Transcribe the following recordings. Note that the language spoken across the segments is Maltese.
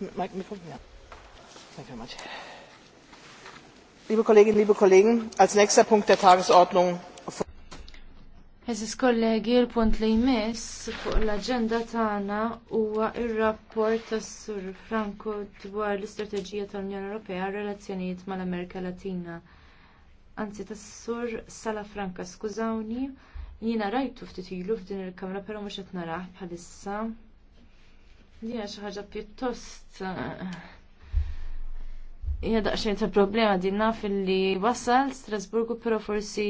Mike, Mikrofon, ja. Thank you very much. Liebe Kolleginnen, liebe Kollegen, als nächster Punkt der Tagesordnung. Eżis kollegi, il-punt li jmiss fuq l-agenda tagħna huwa ir-rapport tas-Sur Franco dwar l-istrateġija tal-Unjoni Ewropea relazzjonijiet mal-Amerika Latina. Anzi tas-Sur Sala Franca, skużawni, jiena rajtu ftit ilu f'din il-kamra però mhux qed narah bħalissa. Dija xi ħaġa pjuttost eh, hija daqsxejn ta' problema din naf li wasal Strasburgu però forsi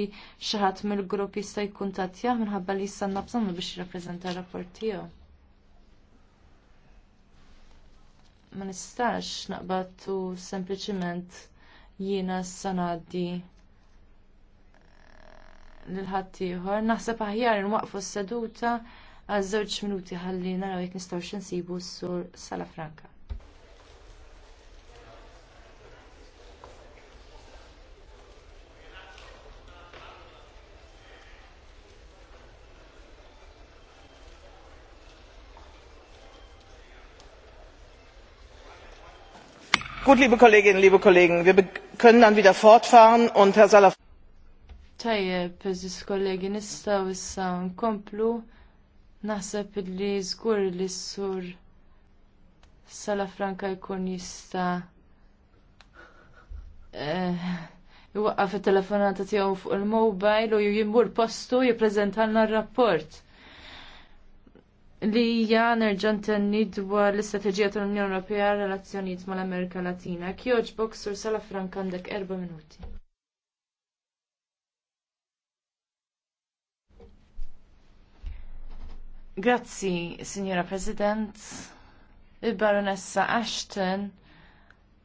xi ħadd mill-grupp jista' jkun tatjah minħabba li jista' nabżonnu biex jirrapprezenta r-rapport tiegħu. ma nistax naqbatu u sempliciment jiena s-sanaddi eh, l ħaddieħor. Naħseb aħjar waqfu s-seduta għal żewġ minuti ħalli naraw jekk nistgħu xinsibu s-sur Salafranca. Gut, liebe Kolleginnen, liebe Kollegen, wir können dann wieder fortfahren und Herr Salaf. Tajjeb, eżis kollegi, nistaw issa nkomplu Naħseb li żgur li s-sur Franka jkun jista eh, iwaqqaf it telefonata tiegħu fuq il-mobile u jimbur postu jippreżentalna r-rapport li hija nerġa' ntenni dwar l-istrateġija tal-Unjoni Ewropea relazzjonijiet mal-Amerika Latina. Kjoġ Boxer Franka għandek erba' minuti. Grazzi, Signora President. Il-Baronessa Ashton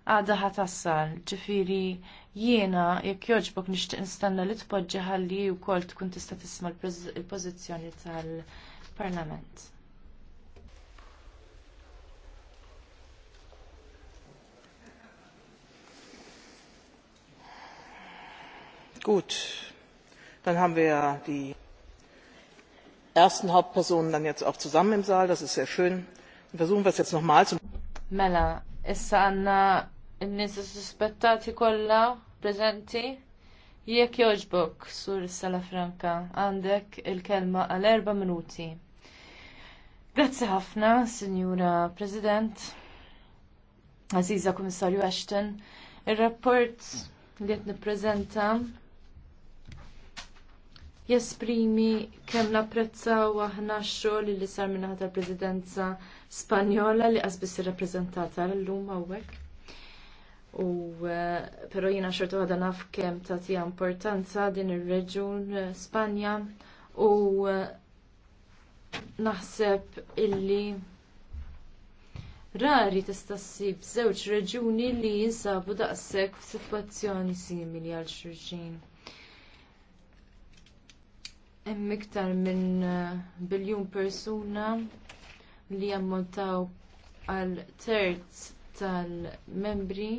għada ħatassal, ġifiri jiena jekk joġbok nixtieq nistanna li tpoġġi ħalli wkoll tkun tista' tisma' l-pożizzjoni tal-Parlament. Gut, dan haben di ersten Hauptpersonen dann jetzt auch zusammen im Saal. Das ist sehr schön. Und versuchen wir es jetzt nochmal zu. Mela, issa għanna n-nis suspettati kolla prezenti. Jek joġbok, sur Sala Franka, għandek il-kelma għal erba minuti. Grazzi ħafna, Signora President, Aziza Komissarju Ashton. Il-rapport li għet niprezenta jesprimi kemm napprezzaw aħna x-xogħol li sar minnaħa tal-Presidenza Spanjola li qasbis irrappreżentata llum hawnhekk. U eh, però jiena xorta waħda naf kemm tagħtiha importanza din ir-reġun eh, Spanja u eh, naħseb illi rari tista' ssib reġuni li jinsabu daqshekk f'sitwazzjoni simili għal xulxin. Hemm iktar minn eh, biljun persuna li jammontaw għal terz tal-membri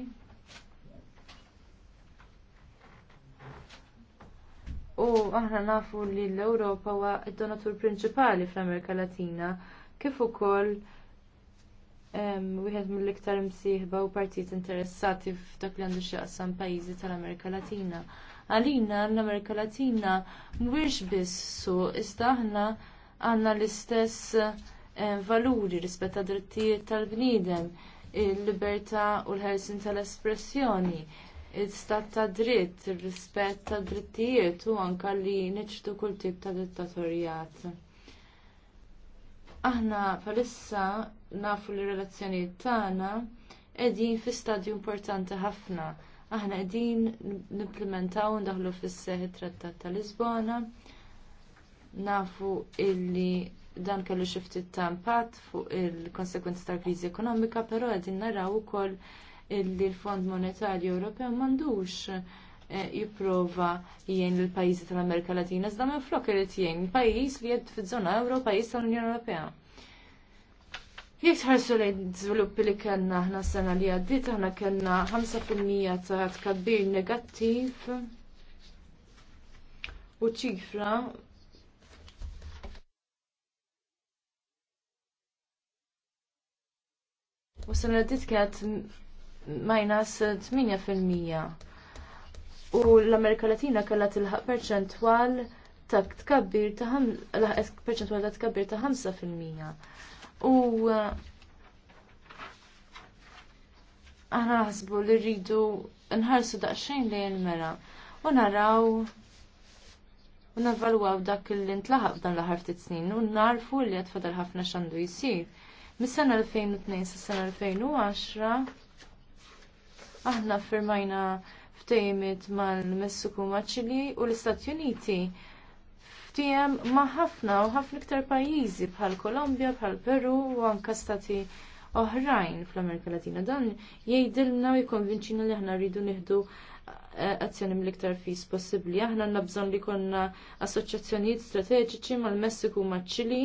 U aħna nafu li l-Ewropa huwa d-donatur prinċipali fl-Amerika Latina kif ukoll wieħed mill-iktar msieħba u partit interessati f'dak li għandu xaqsam pajjiżi tal-Amerika Latina. Għalina l-Amerika Latina mhuwiex biss su iżda aħna għandna l-istess valuri rispett għad drittijiet tal-bniedem, il-libertà u l-ħelsin tal-espressjoni, il-stat ta' dritt, ir-rispett tad drittijiet u anke li niċtu kull tip ta' dittatorjat. Aħna bħalissa nafu li relazzjonijiet tagħna qegħdin fi stadju importanti ħafna. Aħna qegħdin n ndaħlu fis s it-Trattat tal Lisbona. Nafu illi dan kellu xi ftit ta' fuq il-konsekwenzi tal krizi ekonomika, però qegħdin naraw ukoll illi l-Fond Monetarju Ewropew m'għandux eh, jipprova jgħin l-pajjiżi tal-Amerika Latina, iżda minn flok irid jgħin pajjiż li jed fi żona Ewro, pajjiż tal-Unjoni Ewropea. Jek tħarsu lejn żviluppi li kellna aħna sena li għaddit aħna kellna 5% ta' tkabbir negattiv u ċifra U sena li għaddit kienet minus 8%. U l-Amerika Latina kellha tilħaq perċentwal ta' tkabbir ta' perċentwal ta' tkabbir ta' 5% u uh, aħna ħasbu li rridu nħarsu daqsxejn li mela u naraw u navalwaw dak li ntlaħab dan laħar ftit snin u narfu li qed fadal ħafna x'għandu jsir. Mis-sena 2002 sa sena 2010 aħna firmajna ftejmit mal messuku maċili u l-Istati Uniti tiegħem ma' ħafna u ħafna iktar pajjiżi bħal Kolombja, bħal Peru u anke stati oħrajn fl-Amerika Latina. Dan jgħidilna u jikkonvinċina li aħna rridu nieħdu eh, azzjoni mill-iktar fis possibbli. Aħna għandna bżonn li konna assoċjazzjonijiet strateġiċi mal-Messiku ma' Ċili.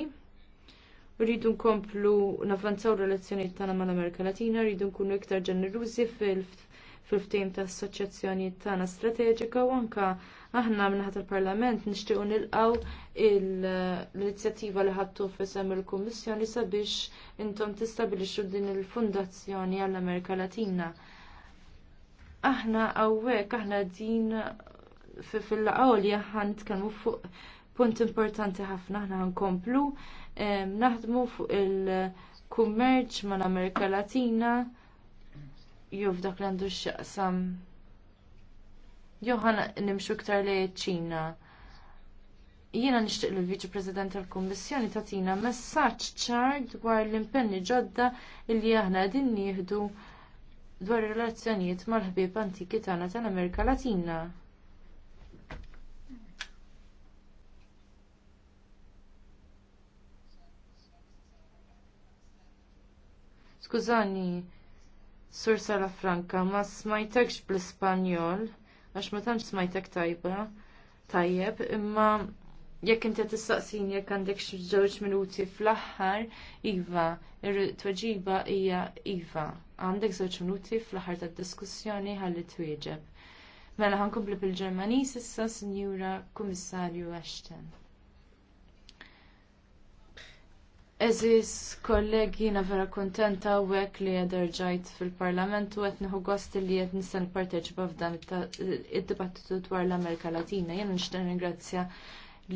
Rridu nkomplu navanzaw relazzjonijiet tagħna mal-Amerika Latina, rridu nkunu iktar ġenerużi fil fil-ftim ta' assoċjazzjoni tagħna strateġika u anke aħna minnaħat il-Parlament nixtiequ nilqgħu l-inizjattiva li ħadtu f'isem il-Kummissjoni sabiex intom tistabilixxu din il-Fundazzjoni għall-Amerika Latina. Aħna hawnhekk aħna din fil-laqgħu li aħna nitkellmu fuq punt importanti ħafna aħna nkomplu naħdmu fuq il-kummerċ mal-Amerika Latina jew f'dak li għandu x'jaqsam xaqsam ħana nimxu iktar li ċina Jiena nixtieq lill viċi President tal-Kummissjoni tatina messaġġ ċar dwar l-impenni ġodda li aħna qegħdin nieħdu dwar ir-relazzjonijiet mal-ħbieb antiki tagħna tal-Amerika Latina. Skużani, Sur Sara Franka, ma smajtekx bl-Ispanjol, għax ma tantx smajtek tajba, tajjeb, imma jekk inti tistaqsin jekk għandek xi żewġ minuti fl-aħħar, iva, ir-tweġiba hija iva. Għandek żewġ minuti fl-aħħar tad-diskussjoni ħalli twieġeb. Mela ħankomplu bil-Ġermaniż issa Sinjura Kummissarju Ashton. Eżis, kollegi, jina vera kontenta u għek li ġajt fil-parlament u għetniħu għost gost li għet nisan parteċipa f'dan id-dibattitu dwar l-Amerika Latina. Jena nishtan ringrazzja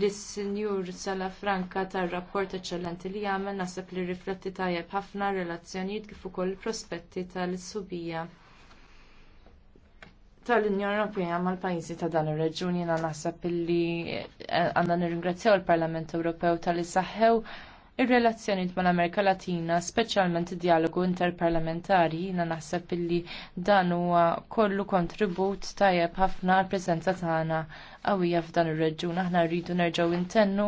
l-Sinjur Sala Franka tar-rapport eċċellenti li għamel nasab li rifletti tajjeb ħafna relazzjonijiet kif ukoll prospetti tal-subija tal-Unjoni Ewropea mal-pajjiżi ta' dan ir-reġjun jiena naħseb illi għandna nirringrazzjaw il-Parlament Ewropew tal-li saħħew Ir-relazzjoni mal-Amerika Latina, speċjalment id-dialogu interparlamentari, jiena naħseb illi dan huwa kollu kontribut tajjeb ħafna għall preżenza tagħna qawwija f'dan ir-reġjun. Aħna rridu nerġgħu intennu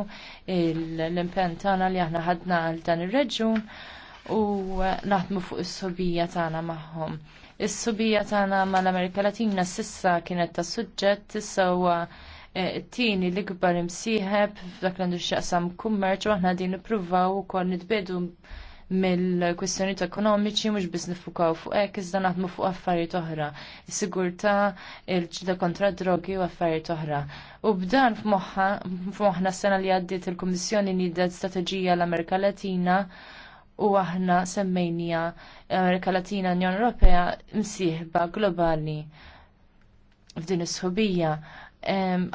l-impenn tagħna li aħna ħadna għal dan ir-reġjun u naħdmu fuq is-sobija tagħna magħhom. Is-sobija tagħna mal-Amerika Latina sissa kienet ta' suġġett issa huwa Eh, tini li gbar imsiħeb f'dak l-għandu xaqsam kummerċ u aħna din u ukoll nitbedu mill-kwistjonijiet ekonomiċi mhux biss nifukaw fuq hekk iżda naħdmu fuq affarijiet oħra, is-sigurtà, il-ġida kontra drogi u affarijiet oħra. U b'dan f'moħħna s-sena li għaddiet il-Kummissjoni nidet strateġija l-Amerika Latina u aħna semmejnija Amerika Latina Unjon Ewropea msieħba globali f'din is-sħubija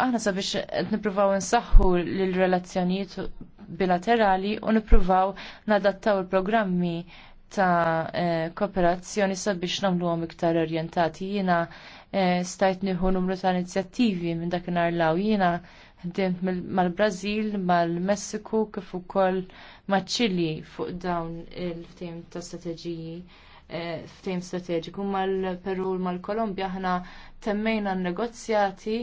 aħna sabiex nipruvaw nsaħħu l-relazzjonijiet bilaterali u nipruvaw nadattaw il-programmi ta' eh, kooperazzjoni sabiex nagħmluhom iktar orjentati. Jiena eh, stajt nieħu numru ta' inizjattivi minn dakinhar law. Jiena ħdimt mal-Brażil, mal-Messiku kif ukoll maċ-Ċili fuq dawn il-ftehim ta' strateġiji Eh, ftehim strateġiku mal-Peru mal-Kolombja aħna temmejna n-negozjati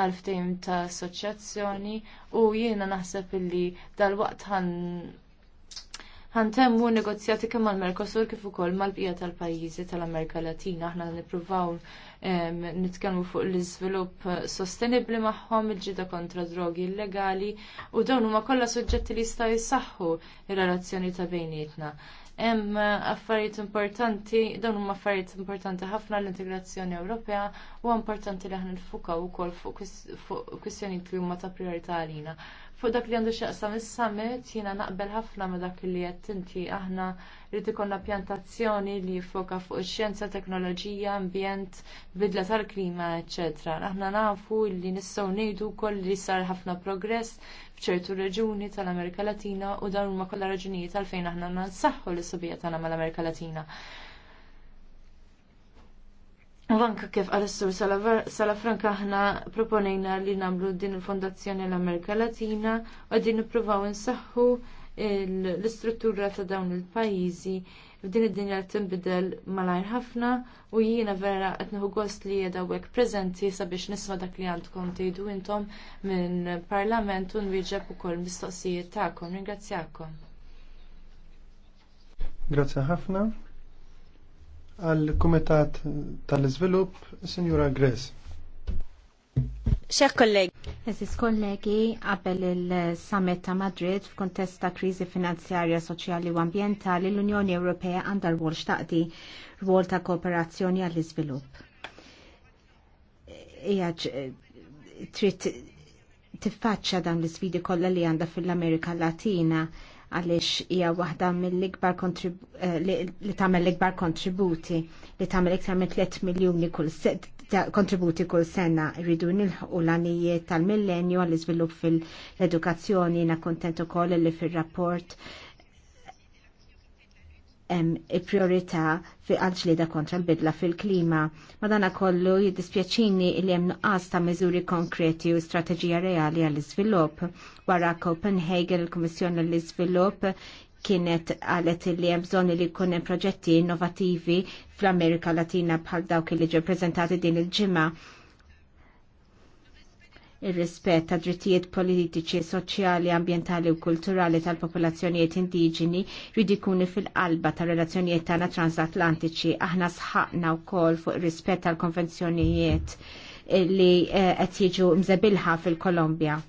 għal ftehim ta' assoċjazzjoni u jiena naħseb illi dal-waqt n negozjati kemm mal mercosur kif ukoll mal-bqija tal-pajjiżi tal-Amerika Latina. Aħna nippruvaw nitkellmu fuq l-iżvilupp sostenibbli magħhom il-ġida kontra drogi illegali u dawn huma kollha suġġetti li jistgħu jsaħħu ir-relazzjoni ta' bejnietna hemm eh, affarijiet importanti, dawn huma affarijiet importanti ħafna l-integrazzjoni Ewropea u importanti li aħna nfukaw ukoll fuq kwistjonijiet li huma ta' priorità għalina. Fuq dak li għandu xaqsam is-summit jiena naqbel ħafna ma dak li qed tinti, aħna rrid ikollna pjantazzjoni li jiffoka fuq ix-xjenza, teknoloġija, ambjent, bidla tal-klima, eċetera. Aħna nafu li nistgħu ngħidu wkoll li sar ħafna progress f'ċertu reġuni tal-Amerika Latina u dawn huma kollha raġunijiet għalfejn aħna nsaħħu l-isubija tagħna mal-Amerika Latina. U kif għal-sur Salafranka aħna proponejna li namlu din il-Fondazzjoni l-Amerika Latina u din nippruvaw insaħħu l-istruttura ta' dawn il-pajjiżi f'din id-dinja li tinbidel malajr ħafna u jiena vera qed nieħu gost li qiegħda hekk preżenti sabiex nisma' dak li għandkom tgħidu intom minn parlament u nwieġeb ukoll mistoqsijiet tagħkom. Ringrazzjakom. Grazzi ħafna għal Kumitat tal-Iżvilupp, Sinjura Grez. Xeħ kollegi. Eżis kollegi, qabel il-summit ta' Madrid f'kuntest ta' kriżi finanzjarja, soċjali u ambjentali, l-Unjoni Ewropea għandha rwol xtaqdi rwol ta' kooperazzjoni għall-iżvilupp. Hija trid tiffaċċja dan l-isfidi kollha li għandha fil-Amerika Latina għaliex hija waħda mill-ikbar eh, li tagħmel l-ikbar kontributi li tagħmel iktar minn 3 miljuni kull kontributi kull sena rridu nilħu l-għanijiet tal-millenju għall-iżvilupp fil-edukazzjoni na kontentu ukoll li fil-rapport priorità fi għalġlida kontra l-bidla fil-klima. Madana kollu jiddispjaċini li hemm nuqqas ta' miżuri konkreti u strateġija reali għall-iżvilupp. Wara Copenhagen il-Kummissjoni għall iżvilupp kienet għalet li hemm bżonn li jkun hemm proġetti innovattivi fl-Amerika Latina bħal dawk li ġew prezentati din il-ġimgħa ir-rispett ta' drittijiet politiċi, soċjali, ambjentali u kulturali tal-popolazzjonijiet indiġeni jridu jkunu fil-qalba ta' relazzjonijiet tagħna transatlantiċi. Aħna sħaqna wkoll fuq ir-rispett tal-konvenzjonijiet li eh, qed jiġu mżebilħa fil-Kolombja.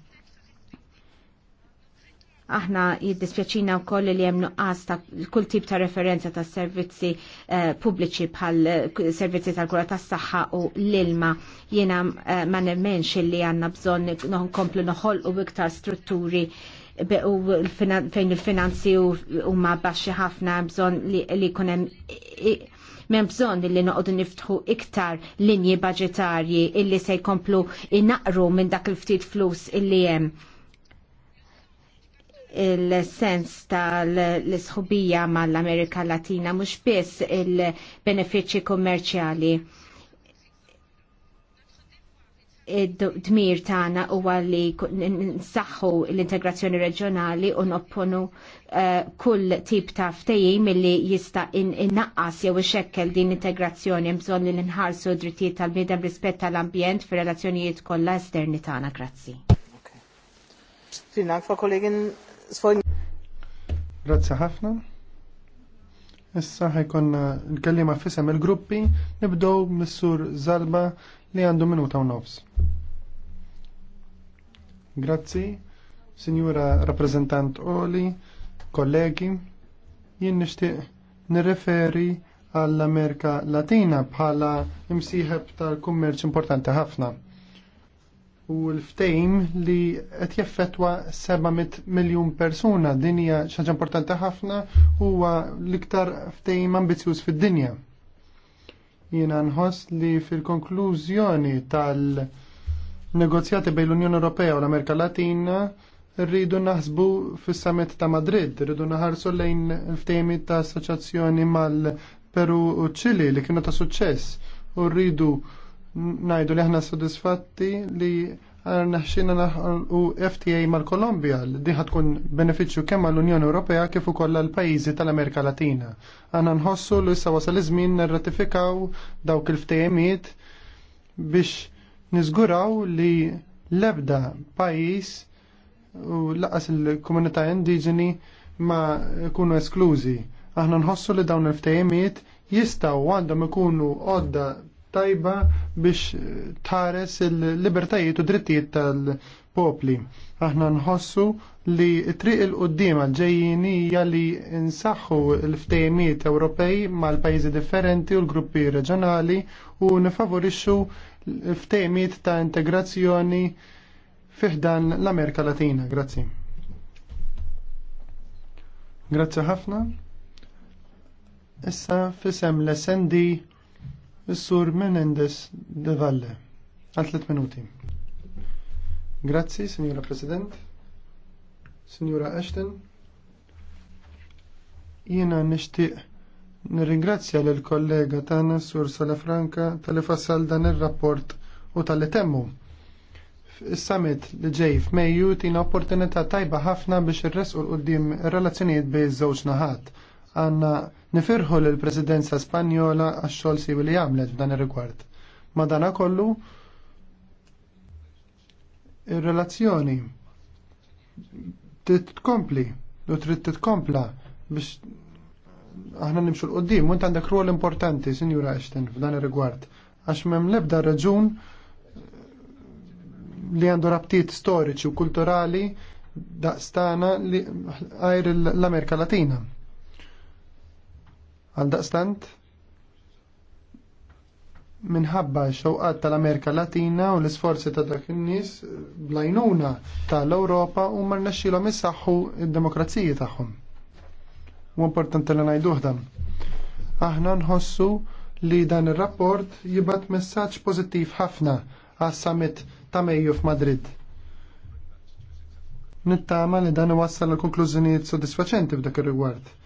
Aħna jiddispjaċina wkoll li hemm nuqqas ta' kull tip ta' referenza ta' servizzi eh, pubbliċi bħal eh, servizzi tal-kura tas-saħħa u l-ilma. Jiena eh, ma nemmenx li għandna bżonn nkomplu noħolqu iktar strutturi u fejn il-finanzi huma baxxi ħafna bżonn li jkun hemm men bżon li noqdu niftħu iktar linji budgetarji illi se jkomplu inaqru minn dak il-ftit flus illi hemm il-sens tal-sħubija mal-Amerika Latina mhux biss il-benefiċċji kommerċjali. id-dmir tagħna huwa li nsaħħu l-integrazzjoni reġjonali u nopponu eh, kull tip ta' ftejim milli jista' innaqqas jew ixekkel din integrazzjoni bżonn li nħarsu drittijiet tal bidem rispett tal-ambjent fir-relazzjonijiet kollha esterni tagħna. Grazzi. Vielen Kollegin. Grazzi ħafna. Issa ħajkonna l-kellima fisem il-gruppi nibdow missur Zalba li għandu minuta u nofs. Grazzi, Sinjura Rappresentant Oli, kollegi, jien nixtieq nirreferi għall-Amerika Latina bħala imsieħeb tal-kummerċ importanti ħafna u l-ftejm li qed jaffettwa 700 miljun persuna din hija xaġa importanti ħafna huwa l-iktar ftejm ambizzjuż fid-dinja. Jiena nħoss li fil-konklużjoni tal-negozjati bejn l-Unjoni Ewropea u l-Amerika Latina rridu naħsbu fis-summit ta' Madrid, rridu naħarsu lejn ftejmi ta' assoċjazzjoni mal-Peru u Ċili li kienu ta' suċċess u rridu najdu li ħna soddisfatti li naħxina u FTA mal-Kolombia li diħat tkun beneficju kemm għall-Unjoni Ewropea kif ukoll għall-pajjiżi tal-Amerika Latina. Għana nħossu li issa wasal iż-żmien nirratifikaw dawk il-ftejemiet biex niżguraw li l-ebda pajjiż u laqas il-komunità indiġeni ma jkunu esklużi. Aħna nħossu li dawn il-ftejemiet jistaw għandhom ikunu għodda tajba biex tħares il-libertajiet u drittijiet tal-popli. Aħna nħossu li triq il-qoddim għal-ġejjini hija li nsaħħu l-ftejmiet Ewropej mal-pajjiżi differenti u l-gruppi reġjonali u nifavorixxu l-ftejmiet ta' integrazzjoni fiħdan l-Amerika Latina. Grazzi. Grazzi ħafna. Issa fisem l-SND Is-sur Menendez de Valle, għal 3 minuti. Grazzi, Signora President, Signora Ashton. Jiena nixtieq nirringrazzja lill kollega tagħna Sur Salafranca tal-li fassal dan ir-rapport u tal-li temmu. Is-summit li ġej f'Mejju tina opportunità tajba ħafna biex irresqu l-qudiem ir-relazzjonijiet bejn iż-żewġ naħat għanna nifirħu l-Presidenza Spanjola għax-xogħol siwi li għamlet f'dan ir-rigward. Madana kollu ir-relazzjoni titkompli u trid titkompla biex aħna nimxu l-qoddim, u għandek ruol importanti, Sinjura Ashton, f'dan ir-rigward, għax m'hemm l-ebda raġun li għandu rabtiet storiċi u kulturali daqstana li għajr l-Amerika Latina. Għaldaqstant, minħabba xewqat tal-Amerika Latina u l-isforzi ta' dak in-nies blajnuna tal-Ewropa u marna rnexxilhom issaħħu id demokrazija tagħhom. U importanti li ngħiduh dan. Aħna nħossu li dan ir-rapport jibat messaġġ pożittiv ħafna għas-summit ta' Mejju f'Madrid. Nittama li dan iwassal l konklużjonijiet sodisfaċenti f'dak ir-rigward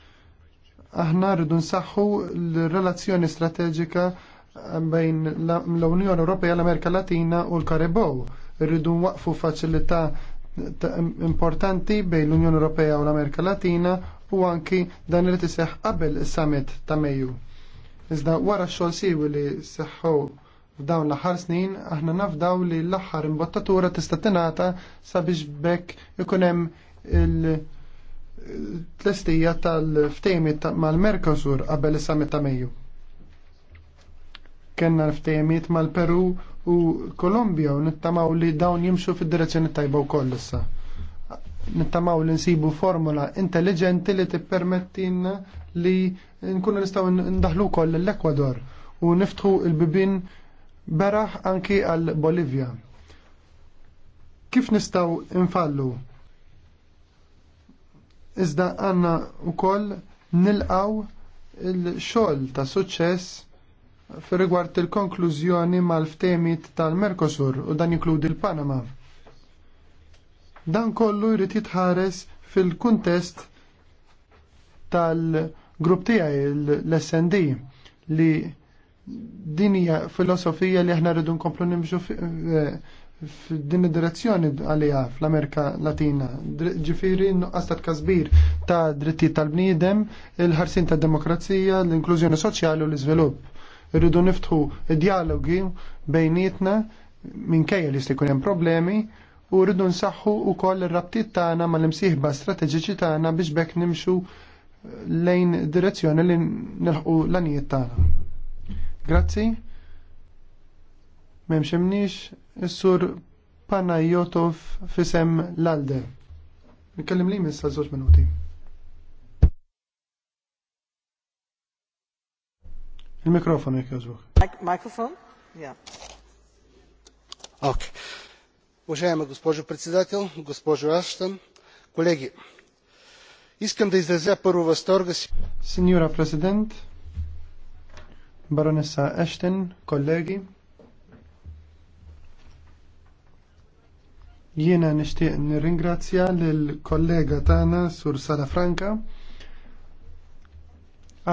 aħna rridu nsaħħu l-relazzjoni strateġika bejn l-Unjoni Ewropea l-Amerika Latina u l-Karibow. Rridu nwaqfu faċilità importanti bejn l-Unjoni Ewropea u l-Amerika Latina u anki dan irid iseħħ qabel is-summit ta' Mejju. Iżda wara x-xogħol siwi li seħħu f'dawn l-aħħar snin aħna nafdaw li l-aħħar imbottatura tista' tingħata sabiex bekk ikun hemm il- tlestija tal-ftejmi mal-Mercosur qabel is-summit ta' Mejju. Kenna l-ftejmiet mal-Peru u Kolombja u nittamaw li dawn jimxu fid-direzzjoni tajba wkoll issa. Nittamaw li nsibu formula intelligenti li tippermettin li nkunu nistgħu ndaħlu wkoll l-Ekwador u niftħu il-bibin beraħ anki għal Bolivja. Kif nistgħu infallu iżda għanna u koll nilqaw il-xol ta' suċċess fir rigward il-konklużjoni mal-ftemit tal-Mercosur u dan jinkludi l-Panama. Dan kollu jrid jitħares fil-kuntest tal-grupp tiegħi l-SND li din hija filosofija li aħna rridu nkomplu nimxu eh, f'din id-direzzjoni għalija fl-Amerika Latina. Ġifiri nuqqas ta' tkazbir ta' drittijiet tal-bniedem, il-ħarsin ta' demokrazija, l-inklużjoni soċjali u l-iżvilupp. Irridu niftħu dialogi bejnietna minkejja li jkun hemm problemi u rridu nsaħħu wkoll ir-rabtiet tagħna mal-imsieħba strateġiċi tagħna biex bekk nimxu lejn direzzjoni li nilħqu l-anijiet tagħna. Grazzi. M'hemmx imniex Is-sur Panajotov fisem l-Alde. Nikellim li missa zoċ minuti. Il-mikrofon jek jazbuk. Mikrofon? Ja. Ок. Уважаема госпожо председател, госпожо Аштън, колеги, искам да изразя първо възторга си. Сеньора президент, баронеса Ештен, колеги, Jiena nixtieq nirringrazzja lill kollega tagħna Sur Sala Franca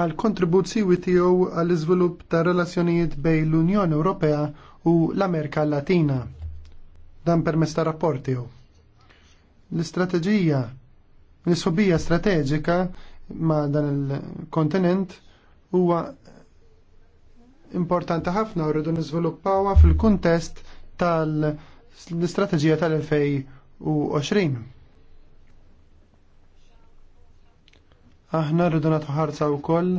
għal kontribuzzjoni tiegħu għall iżvilupp ta' relazzjonijiet bejn l-Unjoni Ewropea u l-Amerika Latina. Dan permezz ta' rapport tiegħu. L-istrateġija, l-isobija strateġika ma' dan il-kontinent huwa importanti ħafna u rridu niżviluppawha fil-kuntest tal- l-istrateġija tal-2020. Aħna rridu nagħtu ħarsa wkoll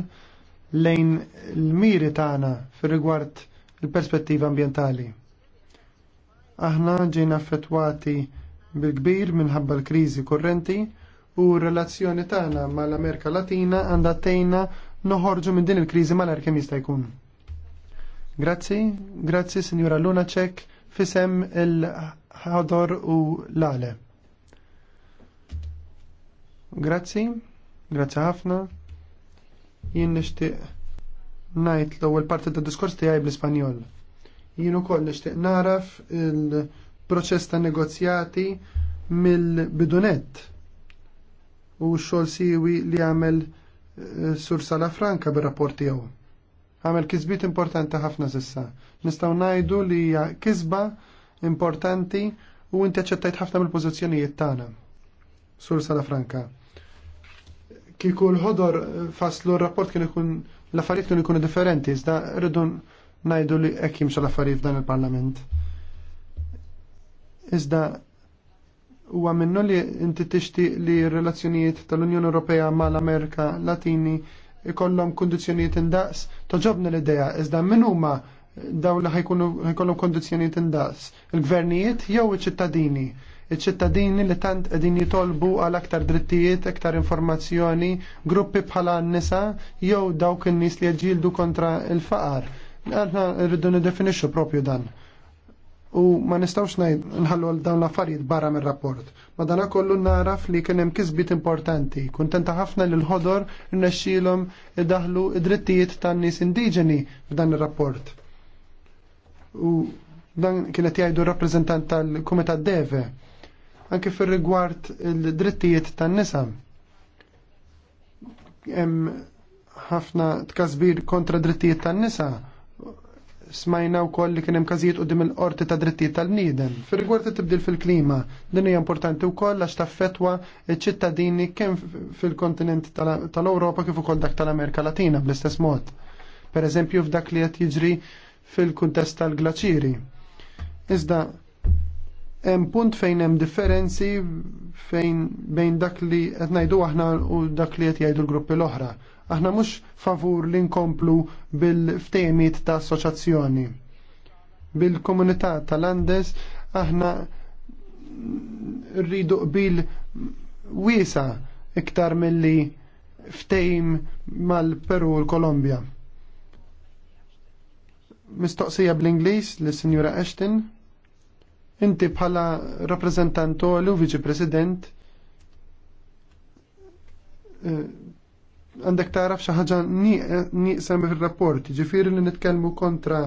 lejn l-miri tagħna fir-rigward il-perspettiva ambjentali. Aħna ġejna affettwati bil-kbir minħabba l-kriżi kurrenti u r-relazzjoni tagħna mal-Amerika Latina għandha tejna noħorġu minn din il-kriżi mal arkemista jista' jkun. Grazzi, grazzi Sinjura Lunacek fisem il-ħador u l-għale. Grazzi, grazzi ħafna. Jien nixtieq ngħid l-ewwel parti tad diskors tiegħi bl-Ispanjol. Jien ukoll nixtieq naraf il-proċess ta' negozjati mill-bidunet u x-xogħol siwi li għamel eh, Sur Sala Franka bir-rapport tiegħu għamel kizbit importanti ħafna sissa. Nistaw najdu li hija kisba importanti u inti ċettajt ħafna mill-pożizzjonijiet tagħna. Sur Sala Franka. Kieku l-ħodor faslu r-rapport kien ikun l-affarijiet kien jkunu differenti, iżda rridu najdu li hekk jimxa l-affarijiet f'dan il-Parlament. Iżda huwa minnu li inti tixtieq li r-relazzjonijiet tal-Unjoni Ewropea mal-Amerika Latini ikollhom kundizzjonijiet indaqs, toġobna l-idea iżda min huma dawn li ħajkollhom kundizzjonijiet indaqs, il-gvernijiet jew iċ-ċittadini. Iċ-ċittadini li tant qegħdin jitolbu għal aktar drittijiet, aktar informazzjoni, gruppi bħala n-nisa jew dawk in-nies li jġildu kontra l-faqar. Aħna rridu nidefinixxu propju dan u ma nistawx nħallu dawn l-affarijiet barra mir rapport Ma dana kollu naraf li kien hemm kisbit importanti. Kuntenta ħafna li l-ħodor rnexxielhom idaħlu id-drittijiet tan-nies indiġeni f'dan ir-rapport. U dan kienet jgħidu rappreżentant tal-Kumitat Deve anke fir-rigward il-drittijiet tan-nisa. Hemm ħafna tkasbir kontra drittijiet tan-nisa smajna u koll li kienem kazijiet u dim il-qorti ta' drittijiet tal-niden. Fir rigward tibdil fil-klima, din hija importanti u koll għax ta' fetwa ċittadini kemm fil-kontinent tal-Europa kif ukoll dak tal-Amerika Latina bl-istess mod. Per eżempju f'dak li qed jiġri fil-kuntest tal-glaċiri. Iżda hemm punt fejn hemm differenzi fejn bejn dak li qed ngħidu aħna u dak li qed jgħidu l-gruppi l-oħra. Aħna mhux favur li nkomplu bil ftemiet ta' assoċjazzjoni. Bil-komunità tal-Andes aħna rridu qbil wiesa iktar milli ftejm mal-Peru u l-Kolombja. Mistoqsija bl-Inglis lis Sinjura Ashton. Inti bħala rappresentant u viċi president eh, għandek taraf xi ħaġa nieqsam fir-rapport, ġifieri li nitkellmu kontra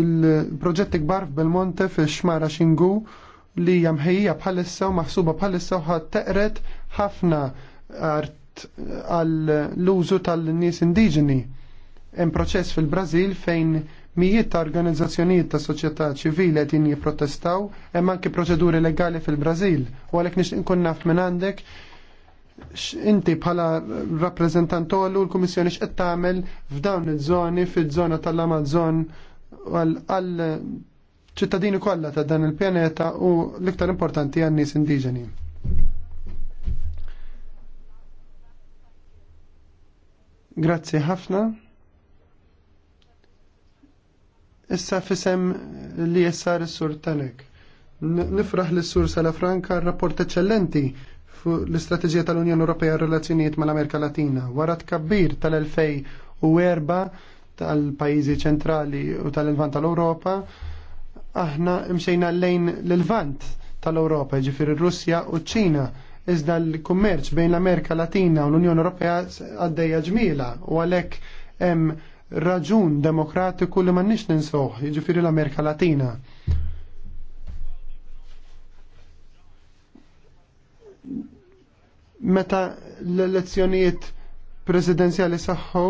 il-proġetti kbar f'Belmonte fix-xmara Xingu li hija mħejja bħalissa u maħsuba bħalissa u teqret ħafna art għall-użu tal-nies indiġeni. Hemm proċess fil-Brażil fejn mijiet ta' organizzazzjonijiet ta' soċjetà ċivili qed jipprotestaw hemm anke proċeduri legali fil-Brażil u għalhekk nixtieq naf minn għandek inti bħala rappresentantolu l-Kummissjoni x'qed tagħmel f'dawn iż-żoni fiż-żona tal-Amazon għal ċittadini kollha ta' dan il-pjaneta u l-iktar importanti għan nies indiġeni. Grazzi ħafna. Issa fisem li jessar is-sur Tanek. Nifraħ l-sur Salafranka rapport eccellenti l-istrateġija tal-Unjoni Ewropea relazzjonijiet mal-Amerika Latina. Wara tkabbir tal-2004 tal-pajjiżi ċentrali u tal-Levant tal-Ewropa, aħna mxejna lejn l-Levant tal-Ewropa, ġifir russja u ċ-Ċina. Iżda l-kummerċ bejn l-Amerika Latina u l-Unjoni Ewropea għaddejja ġmiela u għalhekk hemm raġun demokratiku li m'għandniex ninsuh, jiġifieri l-Amerika Latina. meta l-elezzjonijiet presidenzjali saħħu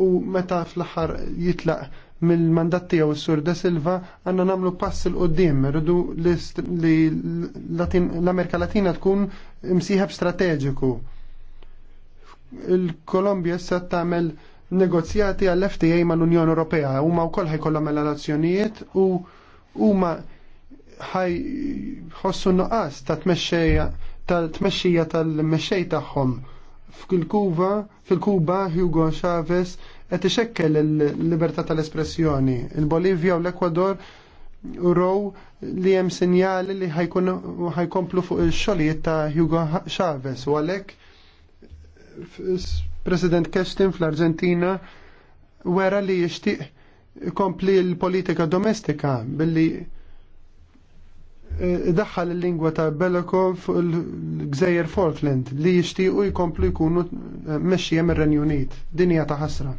u meta fl-aħħar jitlaq mill-mandat tiegħu s-Sur De Silva għandna nagħmlu pass il qudiem rridu li l-Amerika Latina tkun imsieħeb strateġiku. Il-Kolombja issa tagħmel negozjati għall-FTA mal-Unjoni Ewropea huma wkoll ħajkollhom relazzjonijiet u huma ħaj ħossu nuqqas ta' tmexxejja tal-tmexxija tal-mexxej tagħhom fil-Kuba, fil-Kuba Hugo Chavez qed ixekkel il-libertà tal-espressjoni. Il-Bolivja u l-Ekwador row li hemm sinjali li ħajkomplu fuq il-xogħlijiet ta' Hugo Chavez u għalhekk President Kestin fl-Arġentina wera li jixtieq kompli l-politika domestika billi daħħal il-lingwa ta' Belokov fuq il-Gżejjer Falkland li jixtiequ jkomplu jkunu eh, meċi mir-Renju Unit. Dinja ta' ħasra.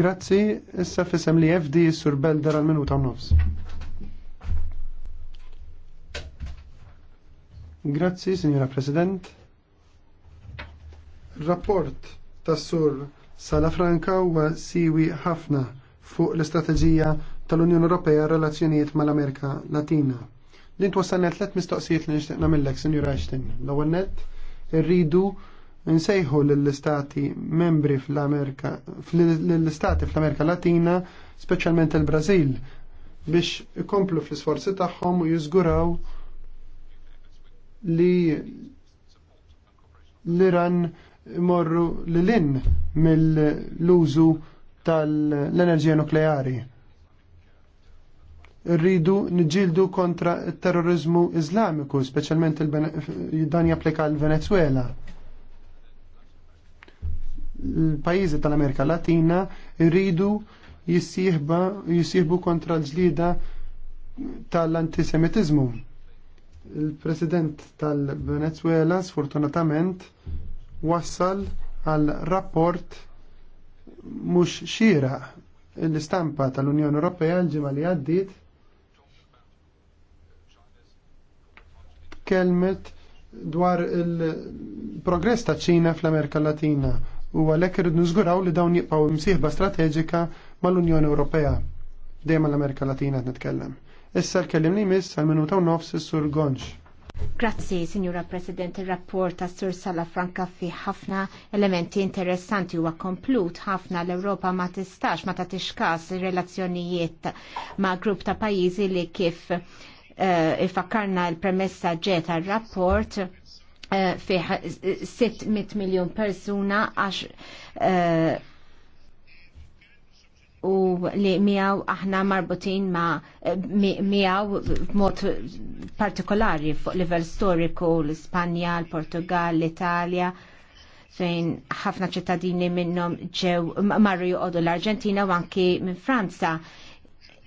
Grazzi, issa fisem li FD sur Belder għal minuta nofs. Grazzi, Signora President. Rapport tas sur Sala Franka huwa siwi ħafna fuq l-istrateġija tal-Unjoni Ewropea relazzjonijiet mal-Amerika Latina. Din twassalnet tlet mistoqsijiet li nixtieq nagħmellek, Sinjur Ashton. L-ewwel nett irridu nsejħu lill-istati membri fl-Amerika fl-istati fl-Amerika Latina, speċjalment il-Brażil, biex ikomplu fl-isforzi tagħhom u jiżguraw li l-Iran morru l-lin mill-użu tal-enerġija nukleari rridu nġildu kontra terrorizmu islamiku, specialment dan japplika l-Venezuela. il pajizi tal-Amerika Latina rridu jissieħbu kontra l-ġlida tal-antisemitizmu. Il-president tal-Venezuela, sfortunatament, wassal għal rapport mux xira l-istampa tal-Unjoni Ewropea l-ġimgħa li għaddiet tkellmet dwar il-progress ta' ċina fl-Amerika Latina u għalhekk irridu niżguraw li dawn jibqgħu msieħba strateġika mal-Unjoni Ewropea. Dejjem l-Amerika Latina qed nitkellem. Issa l kellimni li miss għal-minuta u nofs is-sur Gonx. Grazzi, Signora President, il-rapport ta' Sur Sala Franka fi ħafna elementi interessanti u komplut ħafna l-Europa ma tistax ma ta' tixkas relazzjonijiet ma' grupp ta' pajizi li kif Eh, fakkarna l-premessa għal rapport eh, fiħ 600 miljon persuna għax eh, u li miaw aħna marbutin ma miaw mod partikolari fuq livell storiku l-Ispanja, l-Portugal, l-Italja fejn ħafna ċittadini minnhom ġew marru joqogħdu l-Arġentina u anki minn Franza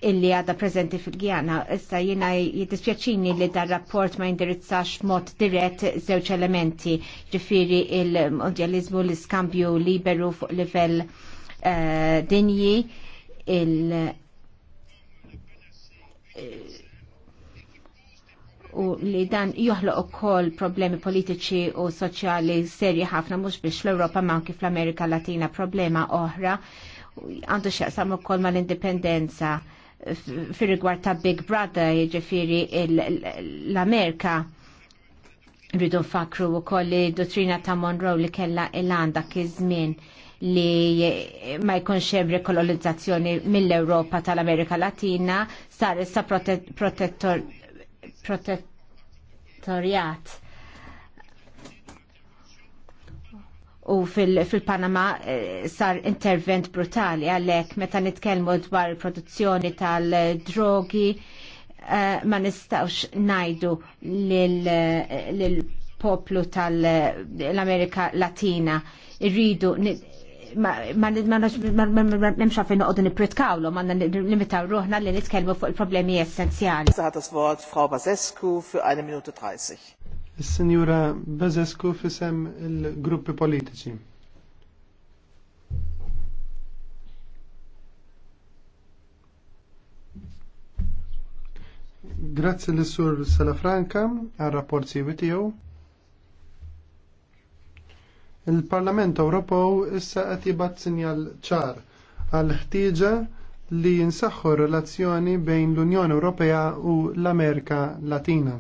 illi għada prezenti fil-Gjana. Issa jina jittispjaċini li dar rapport ma jindirizzax mod dirett zewċ elementi, ġifiri il-mondializmu, l-iskambju liberu fuq livell uh, dinji, il- eh, u li dan joħloq ukoll problemi politiċi u soċjali serji ħafna mhux biex l-Ewropa ma anki fl-Amerika Latina problema oħra għandu x'jaqsam ukoll mal-indipendenza fir rigward ta' Big Brother, jiġifieri l-Amerika rridu nfakru wkoll li dottrina ta' Monroe li kellha il-għanda kizmin li ma jkunx hemm rekolonizzazzjoni mill-Ewropa tal-Amerika Latina sar issa protettorjat u fil-Panama fil sar intervent brutali għalek meta nitkellmu dwar produzzjoni tal-drogi uh, ma nistawx najdu lil-poplu tal-Amerika Latina irridu ma nemx għafin noqdu nippritkawlu, ma nimitaw ruħna li nitkellmu fuq il-problemi essenzjali. Saħat as Frau Basescu fi 1 minuta 30. Is-Sinjura Bezesku fisem il-gruppi politiċi. Grazzi l-Sur Salafranca għal-rapport siwi tiegħu. Il-Parlament Ewropew issa qed jibgħat sinjal ċar għal ħtieġa li jinsaħħu r relazzjoni bejn l-Unjoni Ewropea u l-Amerika Latina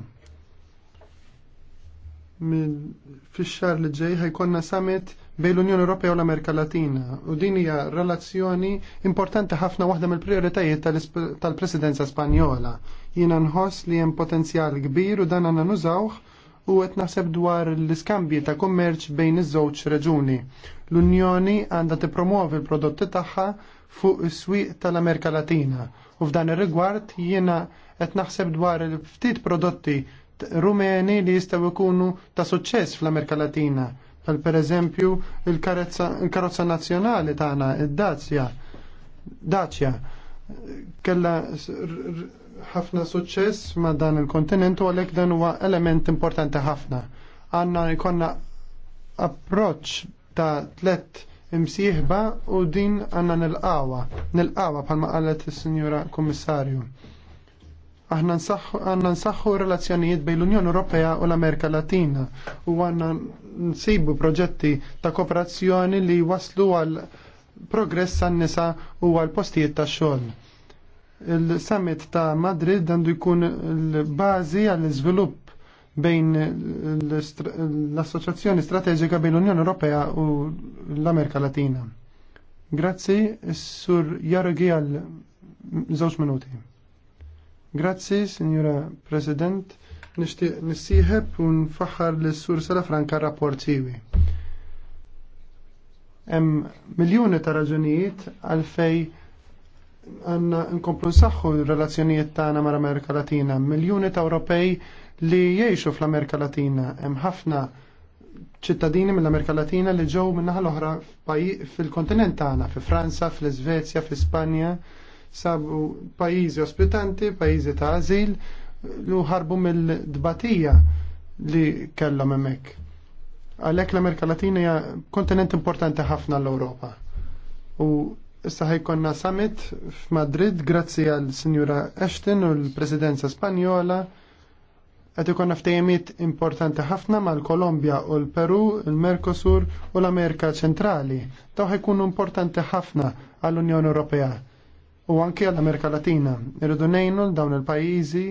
fix-xahar li ġej ħajkonna summit bejn l-Unjoni Ewropea u l-Amerika Latina u din hija relazzjoni importanti ħafna waħda mill prioritajiet tal-Presidenza Spanjola. Jiena nħoss li hemm potenzjal kbir u dan għandna nużawh u qed naħseb dwar l-iskambji ta' kummerċ bejn iż-żewġ reġuni. L-Unjoni għandha tippromuovi l-prodotti tagħha fuq is-swieq tal-Amerika Latina u f'dan ir-rigward jiena qed naħseb dwar il-ftit prodotti rumeni li jistaw ikunu ta' suċċess fl-Amerika Latina. Pal per eżempju il-karozza nazjonali tagħna id-Dazja. Dacia kella ħafna suċċess ma' dan il-kontinent u għalhekk dan huwa element importanti ħafna. Għandna jkollna approċċ ta' tlett imsieħba u din għandna nil nilqawa bħalma qalet is-Sinjura Kummissarju Aħna nsaħħu relazzjonijiet bejn l-Unjoni Ewropea u l-Amerika Latina u għanna nsibu proġetti ta' kooperazzjoni li waslu għal progress għan-nisa u għal postijiet ta' xogħol. Il-summit ta' Madrid għandu jkun l-bażi għall-iżvilupp bejn l-Assoċjazzjoni Strateġika bejn l-Unjoni Ewropea u l-Amerika Latina. Grazzi, s-sur Jarogi għal żewġ minuti. Grazzi, Signora President. Nishtiq un u l sur Sala Franka rapport Em Hemm miljuni ta' raġunijiet għalfej għanna nkomplu nsaħħu r-relazzjonijiet tagħna mal-Amerika Latina. Miljuni ta' Ewropej li jgħixu fl-Amerika Latina. Hemm ħafna ċittadini mill-Amerika Latina li ġew minnaħa l-oħra fil-kontinent tagħna, fi Franza, fl-Iżvezja, fl-Ispanja. fl fl iżvezja fl ispanja sabu pajjiżi ospitanti, pajjiżi ta' azil, li ħarbu mill-dbatija li kellhom hemmhekk. Għalhekk l-Amerika Latina hija kontinent importanti ħafna l-Ewropa. U issa ħajkonna summit f'Madrid grazzi għal Sinjura Ashton u l-Presidenza Spanjola qed ikonna ftejjemiet importanti ħafna mal-Kolombja u l-Peru, il-Mercosur u l-Amerika Ċentrali. Daw ħajkunu importanti ħafna għall-Unjoni Ewropea u anki għall-Amerika Latina. Irridu ngħinu dawn il-pajjiżi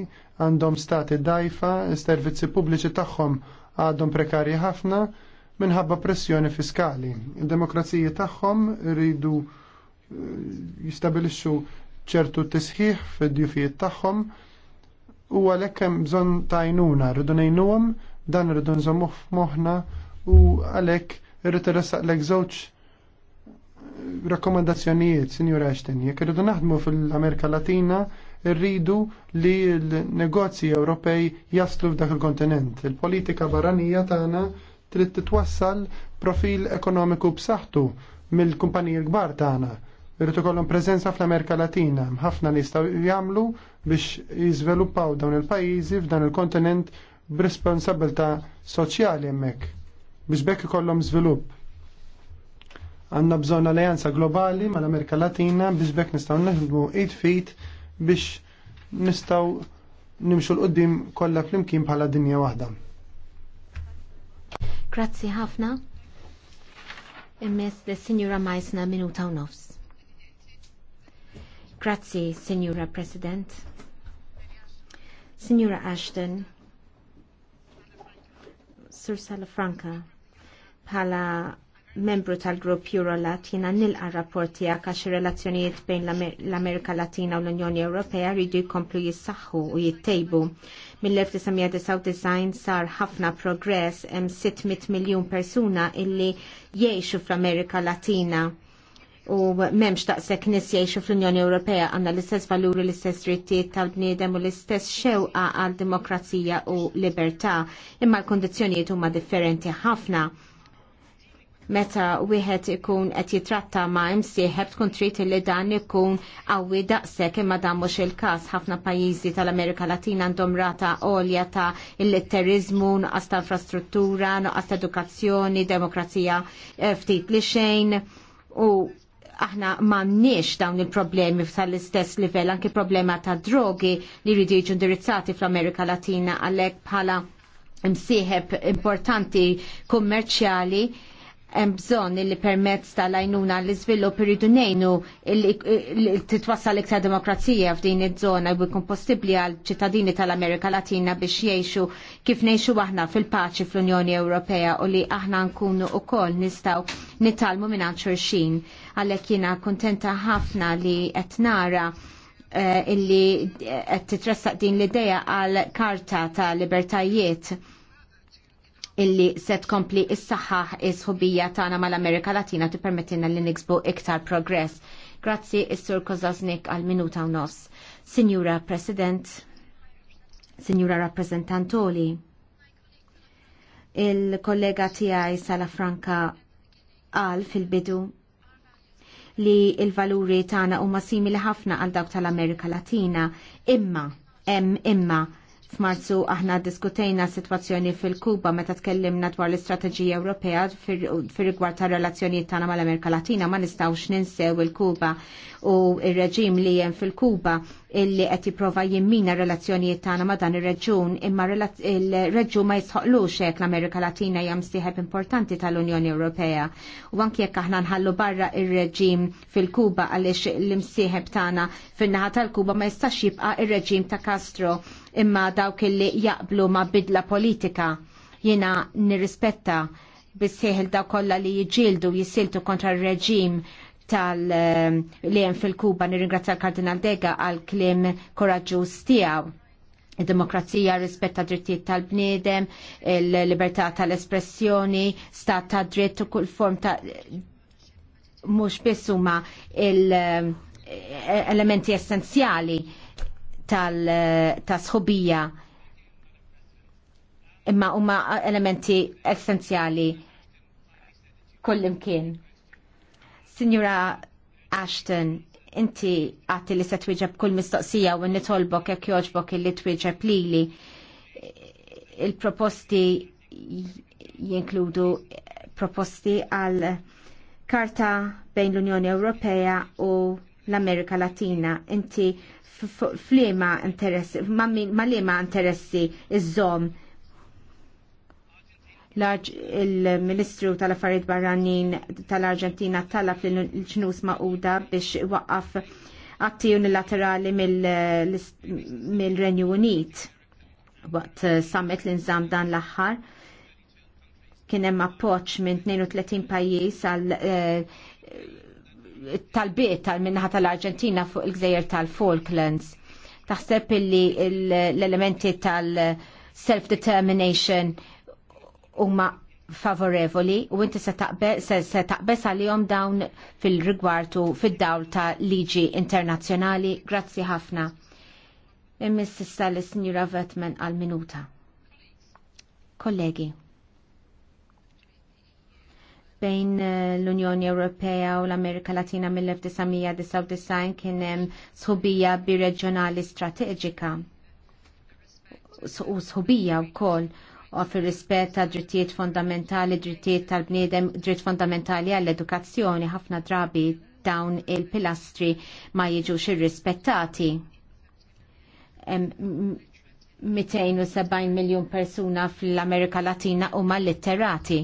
għandhom stati dajfa, s-servizzi pubbliċi tagħhom għadhom prekarji ħafna minħabba pressjoni fiskali. Il-demokrazija tagħhom rridu eh, jistabilixxu ċertu tisħiħ fid-djufijiet tagħhom u għalhekk hemm bżonn ta' għajnuna, rridu ngħinuhom dan rridu nżommuh f'moħħna u għalhekk irrid irressaq lek żewġ rakkomandazzjonijiet, Sinjur Ashton, jekk irridu naħdmu fil-Amerika Latina, rridu li l-negozji Ewropej jaslu f'dak il-kontinent. Il-politika barranija tagħna trid titwassal profil ekonomiku b'saħħtu mill-kumpaniji l-kbar tagħna. Irrid ikollhom preżenza fl-Amerika Latina, ħafna li jistgħu jagħmlu biex jiżviluppaw dawn il-pajjiżi f'dan il-kontinent b'responsabilità soċjali hemmhekk biex bekk ikollhom żvilupp Għanna bżon alleanza globali mal-Amerika Latina biex bekk nistaw naħdmu 8 feet biex nistaw nimxu l-qoddim kollha flimkien bħala dinja waħda. Grazzi ħafna. Immiss de Signora Majsna minuta u nofs. Grazzi, Signora President. Signora Ashton, Sur Salafranca, bħala membru tal-grupp Eurolat jina nilqa rapporti għax relazzjonijiet bejn l-Amerika Latina u l-Unjoni Ewropea rridu jkomplu jissaħħu u jittejbu. Mill-1999 sar ħafna progress hemm 600 miljun persuna illi jgħixu fl-Amerika Latina u memx taqsek nis jgħixu fl-Unjoni Ewropea għanna l-istess valuri, l-istess drittijiet tal-bniedem u l-istess xewqa għal demokrazija u libertà, imma l-kondizjonijiet huma differenti ħafna meta wieħed ikun qed jitratta ma' imsieħeb tkun trid li dan ikun qawwi daqshekk imma dan mhux il-każ ħafna pajjiżi tal-Amerika Latina għandhom rata għolja ta' il-terrorizmu, nuqqas ta' infrastruttura, nuqqas ta' edukazzjoni, demokrazija eh, ftit li xejn u aħna m'għandniex dawn il-problemi tal-istess livell, anki problema ta' drogi li jridu jiġu indirizzati fl-Amerika Latina għalhekk bħala msieħeb importanti kummerċjali hemm bżonn li permezz tal-għajnuna l-iżvilupp iridu ngħinu li titwassal iktar demokrazija f'din iż-żona u jkun possibbli għal ċittadini tal-Amerika Latina biex jgħixu kif ngħixu aħna fil-paċi fl-Unjoni Ewropea u li aħna nkunu wkoll nistgħu nitalmu minn xulxin. Għalhekk jiena kuntenta ħafna li qed nara eh, illi qed titressaq din l-idea għal karta ta' libertajiet illi se tkompli is-saħħaħ is-ħubija tagħna mal-Amerika Latina tippermettilna li niksbu iktar progress. Grazzi is-Sur Kozasnik għal minuta u nofs. Sinjura President, Sinjura Rappresentantoli, il-kollega tiegħi Sala Franka qal fil-bidu li il-valuri tagħna huma simili ħafna għal dawk tal-Amerika Latina, imma hemm imma, imma F'Marzu aħna diskutejna situazzjoni fil-Kuba meta tkellimna dwar l-istrateġija Ewropea fir-rigward ta' relazzjonijiet tagħna mal-Amerika Latina ma nistgħux ninsew il-Kuba u ir-reġim li hemm fil-Kuba illi qed jipprova jimmina relazzjonijiet tagħna ma' dan ir-reġun imma il-reġun ma jisħoqlux hekk l-Amerika Latina hija msieħeb importanti tal-Unjoni Ewropea. U anke jekk aħna nħallu barra ir-reġim fil-Kuba għaliex l-imsieħeb tagħna fin-naħa tal-Kuba ma jistax jibqa' ir-reġim ta' Castro imma dawk illi jaqblu ma' bidla politika. Jiena nirrispetta bissieħil daw kollha li jiġġieldu jisiltu kontra r-reġim tal ehm, li jen fil-Kuba nirringrazzja l-Kardinal Dega għal klim koraġġuż tiegħu demokrazija, rispetta drittijiet tal-bniedem, il-libertà tal-espressjoni, stat ta' dritt u kull form ta' mhux biss huma ehm, elementi essenzjali tal-sħubija imma huma elementi essenzjali kullimkien. Signora Ashton, inti għati li se twieġeb kull mistoqsija u nitolbok jekk jogħġbok illi twieġeb lili il-proposti jinkludu proposti għal karta bejn l-Unjoni Ewropea u l-Amerika Latina. Inti flima interessi, ma lima interessi iż-żom laġ il-Ministru tal-Affarijiet Barranin tal-Arġentina talab l-ġnus ma'uda biex waqqaf atti unilaterali mill-Renju Unit waqt summit li nżamm dan l-aħħar kien hemm appoġġ minn 32 pajjiż għal eh, tal-biet tal-minnaħa tal-Arġentina fuq il-gżejjer tal-Falklands. Taħseb illi l-elementi tal-self-determination huma favorevoli u inti se taqbes għalihom dawn fil-rigwartu fid-dawl ta' liġi internazzjonali. Grazzi ħafna. Immis sissa l-Sinjura Vetman għal-minuta. Kollegi bejn l-Unjoni Ewropea u l-Amerika Latina mill-1999 kien hemm sħubija bireġjonali strateġika u sħubija wkoll u fir rispett ta' drittijiet fondamentali, drittijiet tal-bniedem, dritt fondamentali għall-edukazzjoni ħafna drabi dawn il-pilastri ma jiġux irrispettati. 270 miljon persuna fl-Amerika Latina huma litterati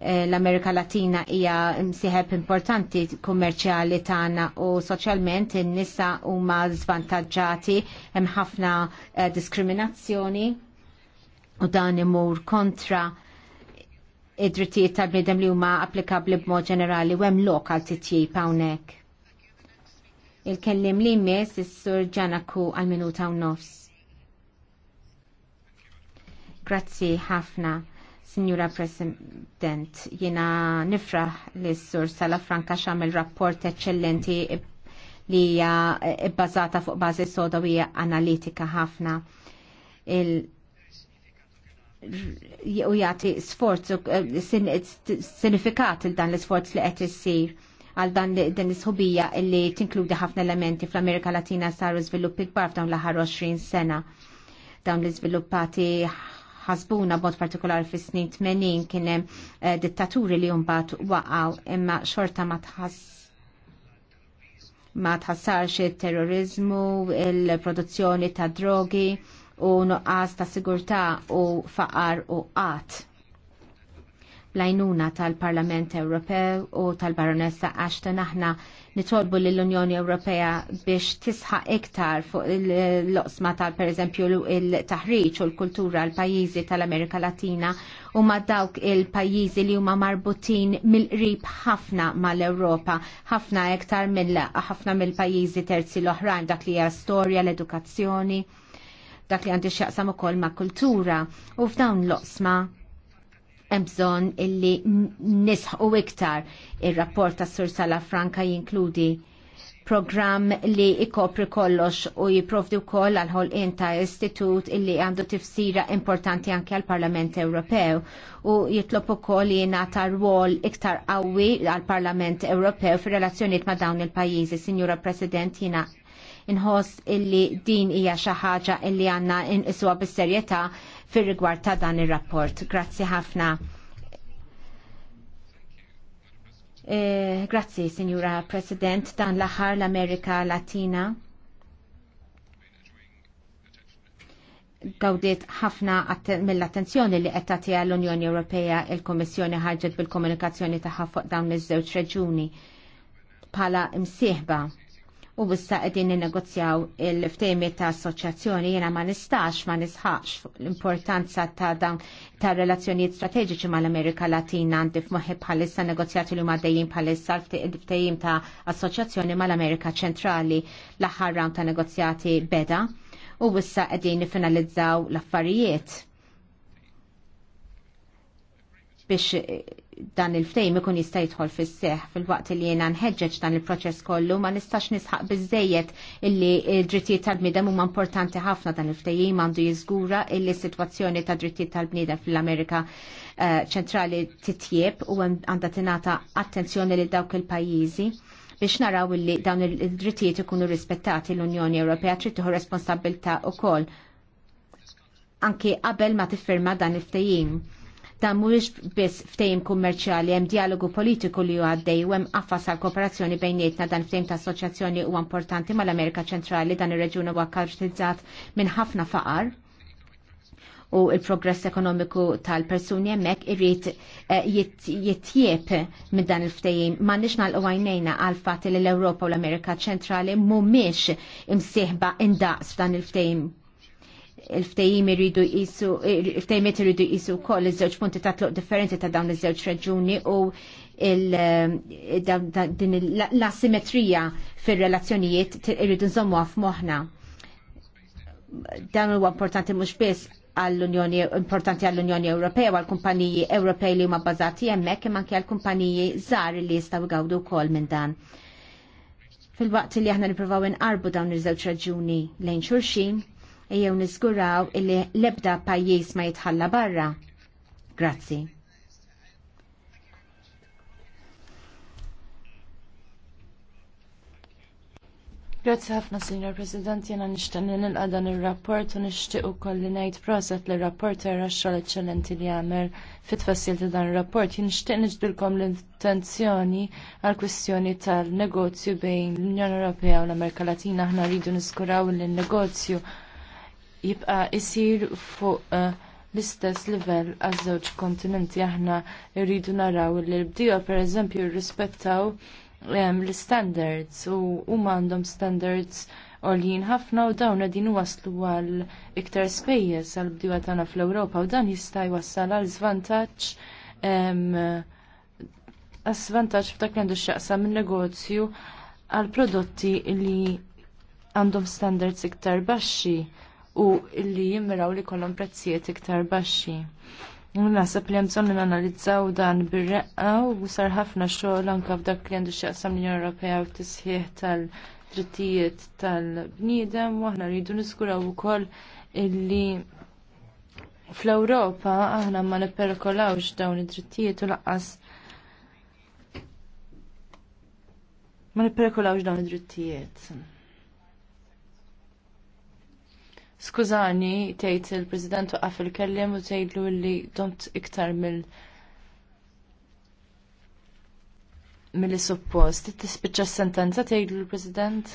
Eh, l-Amerika Latina hija msieħeb importanti kummerċjali tagħna u soċjalment in-nisa huma żvantaġġati hemm ħafna eh, diskriminazzjoni u dan imur kontra id-drittijiet tal-bniedem li huma applikabbli b'mod ġenerali u hemm lokal titjib hawnhekk. Il-kellim li jmiss is-sur ġanaku għal minuta u nofs. Grazzi ħafna Signora President, jina nifraħ li s-sur Sala Franka xamil rapport eccellenti li hija eh, bbażata fuq bażi soda u hija analitika ħafna. Il u jagħti sforz eh, sinifikat il dan l-isforz li qed issir għal dan din is-ħubija li tinkludi ħafna elementi fl-Amerika Latina saru żviluppi kbar f'dawn l-aħħar 20 sena. Dawn l-iżviluppati ħasbuna bod partikolari fis snin 80 kien hemm eh, dittaturi li mbagħad waqgħu imma xorta ma tħass ma tħassarx il-terrorizmu, il-produzzjoni ta' drogi u nuqqas ta' sigurtà u faqar u qatt lajnuna tal-Parlament Ewropew u tal-Baronessa Ashton aħna nitolbu lill-Unjoni Ewropea biex tisħaq iktar fuq l-oqsma tal pereżempju il-taħriġ u l-kultura l pajjiżi tal-Amerika Latina u ma dawk il-pajjiżi li huma marbutin mill-qrib ħafna mal-Ewropa, ħafna iktar mill ħafna mill-pajjiżi terzi l-oħrajn dak li hija storja, l-edukazzjoni, dak li għandi x'jaqsam ukoll ma' kultura u f'dawn l-oqsma bżonn illi nisħu iktar. Ir-rapport ta' Sur Sala Franka jinkludi program li ikopri kollox u jiprovdi wkoll għal ħolqien ta' istitut illi għandu tifsira importanti anke għal Parlament Ewropew u jitlob ukoll li jingħata rwol iktar qawwi għal Parlament Ewropew fir-relazzjonijiet ma' dawn il-pajjiżi. Signora President jiena nħoss illi din hija xi ħaġa illi għandna inqiswa bis-serjetà fir-rigward ta' dan ir-rapport. Grazzi ħafna. Eh, grazzi, Signora President, dan l-aħħar l-Amerika Latina. Gawdiet ħafna mill-attenzjoni li qed tagħtiha l-Unjoni Ewropea il-Kummissjoni ħarġet bil-komunikazzjoni tagħha fuq dawn iż-żewġ reġuni bħala imsieħba u bissa qegħdin negozjaw il ftejmi ta' assoċjazzjoni jiena ma nistax ma nisħax l-importanza ta' dan ta' relazzjonijiet strateġiċi mal-Amerika Latina għandif muħi bħalissa negozjati li huma dejjin bħalissa l-ftehim ta' assoċjazzjoni mal-Amerika Ċentrali l-aħħar ta' negozjati beda u bissa qegħdin finalizzaw l-affarijiet biex dan il-ftejm ikun jista' jidħol fis-seħ fil-waqt li jiena nħeġġeġ dan il-proċess kollu ma nistax nisħaq biżejjed illi d-drittijiet tal-bniedem huma importanti ħafna dan il-ftejjim għandu jiżgura illi s-sitwazzjoni ta' drittijiet tal-bniedem fl amerika eh, ċentrali titjieb u għandha tingħata attenzjoni lil dawk il-pajjiżi biex naraw illi dawn il-drittijiet ikunu rispettati l-Unjoni Ewropea trid tieħu responsabilta wkoll Anke qabel ma tiffirma dan il-ftejjim Dan mhuwiex biss ftejim kummerċjali hemm dialogu politiku li għaddej u hemm qafas għal kooperazzjoni bejnietna dan ftehim ta' assoċjazzjoni huwa importanti mal-Amerika Ċentrali dan ir-reġjun huwa karakterizzat minn ħafna faqar u il-progress ekonomiku tal-persuni jemmek irrit eh, jittieb minn dan il-ftejim. Ma nix nalqu għajnejna għal-fat li l-Europa u l-Amerika ċentrali mumiex imsieħba indaqs f'dan il-ftejim il-ftejim irridu jisu, il koll iż-żewġ punti ta' tluq differenti ta' dawn iż-żewġ raġuni u l-asimetrija fil-relazzjonijiet irridu nżommu għaf moħna. Dan huwa importanti mhux biss għall-Unjoni importanti għall-Unjoni Ewropea għall kumpaniji Ewropej li huma bbażati hemmhekk imma anke għall kumpaniji żgħar li jistgħu jgawdu wkoll minn dan. Fil-waqt li aħna nippruvaw inqarbu dawn iż-żewġ raġuni lejn xulxin, jew nisguraw illi l-ebda pajjiż ma jitħalla barra. Grazzi. Grazzi ħafna, Signor President, jena nishtan nilqa dan il-rapport u nishtiq u kolli li najt proset li rapport jera xol eccellenti li għamel fit fassil ta' dan il-rapport. Jien nishtiq nġdilkom l-intenzjoni għal kwestjoni tal-negozju bejn l-Unjoni Ewropea u l-Amerika Latina. Aħna rridu niskuraw l-negozju jibqa isir fuq eh, l-istess livell għaż-żewġ kontinenti aħna rridu naraw li l-bdija pereżempju jirrispettaw ehm, l-standards u huma għandhom standards għoljin ħafna u dawn din waslu għal iktar spejjeż għal bdiwa tagħna fl-Ewropa u dan jista' jwassal għal żvantaġġ ehm, għal żvantaġġ f'dak li għandu x'jaqsam min-negozju għal prodotti li għandhom standards iktar baxxi u li jimmiraw li kollom prezzijiet iktar baxxi. Nasab li jemżon li nanalizzaw dan bir-reqqa u sar ħafna xogħol anke f'dak li għandu x'jaqsam l-Unjoni Ewropea u t-tisħiħ tal-drittijiet tal-bniedem u aħna rridu niskuraw ukoll illi fl-Ewropa aħna ma nipperkolawx dawn id-drittijiet u laqqas ma nipperkolawx dawn id-drittijiet. Skużani, tgħid il-President waqaf il-kellem u tgħidlu li domt iktar mill- mill suppost. Tispiċċa s-sentenza tgħidlu l-President?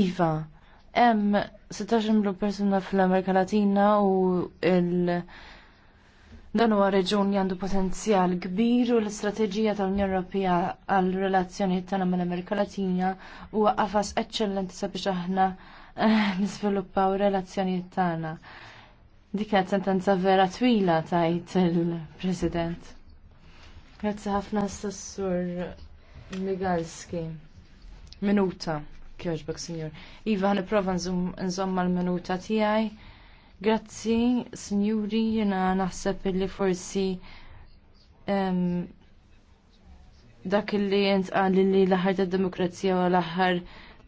Iva, hemm 16 miljun persuna fl-Amerika Latina u il- Dan huwa reġun li għandu potenzjal kbir u l-istrateġija tal-Unjoni Ewropea għal relazzjonijiet tagħna mal-Amerika Latina huwa qafas eċċellenti sabiex aħna Eh, nisviluppaw relazzjonijiet tagħna. Dik kienet sentenza vera twila tajt il-President. Grazzi ħafna s-sur Migalski. Minuta, kjoġbek, signor. Iva, niprofa nżomma l-minuta tijaj. Grazzi, signori, jena naħseb li forsi um, dak li jent għalli li l-ħar ta' demokrazija u l-ħar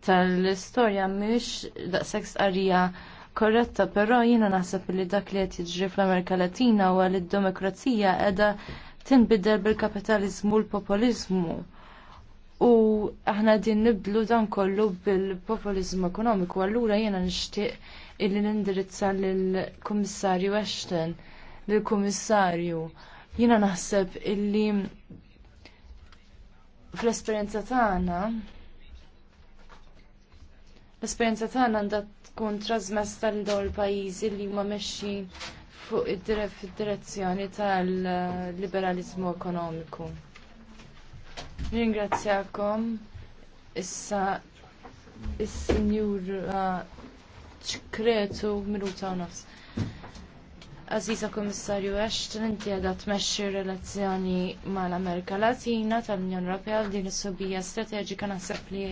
tal-istorja mhix daqshekk qarija korretta, però jiena naħseb li dak li qed jiġri fl-Amerika Latina huwa li d-demokrazija qiegħda tinbidel bil-kapitaliżmu u l-populiżmu. U aħna din nibdlu dan kollu bil-populiżmu ekonomiku, allura jiena nixtieq illi nindirizza lill-Kummissarju Ashton, lill-Kummissarju. Jiena naħseb illi fl-esperjenza tagħna l esperienza tagħna għandha tkun trasmessa tal dawn il-pajjiżi li huma mexxin fuq id-direzzjoni tal-liberalizmu ekonomiku. Ringrazzjakom issa is sinjur uh, ċkretu minuta u nofs. Aziza Komissarju Ashton, inti għadha tmexxi relazzjoni mal-Amerika Latina tal-Unjoni Ewropea din is-subija strateġika naħseb li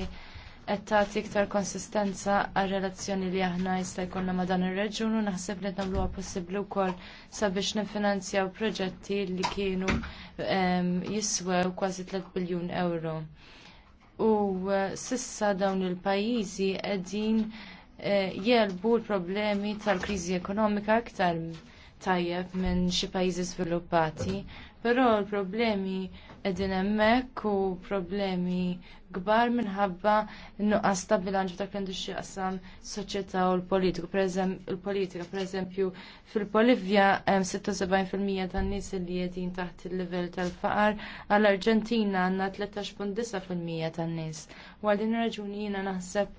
qed tagħti iktar konsistenza għar relazzjoni li aħna jista' jkollna ma' dan ir-reġjun u naħseb li nagħmluha possibbli wkoll sabiex nifinanzjaw proġetti li kienu ehm, jiswew kważi 3 biljun euro. U eh, sissa dawn il-pajjiżi qegħdin eh, jelbu l-problemi tal-kriżi ekonomika aktar tajjeb minn xi pajjiżi sviluppati, però l-problemi qegħdin hemmhekk u problemi kbar minħabba nuqqas ta' bilanċ ta' kendu industri soċieta soċjetà u l-politika. Il-politika, pereżempju, fil-Bolivja hemm ta' tan-nies li jedin taħt il-livell tal-faqar, għall-Arġentina għandna 13.9% tan-nies. U għal din raġuni jiena naħseb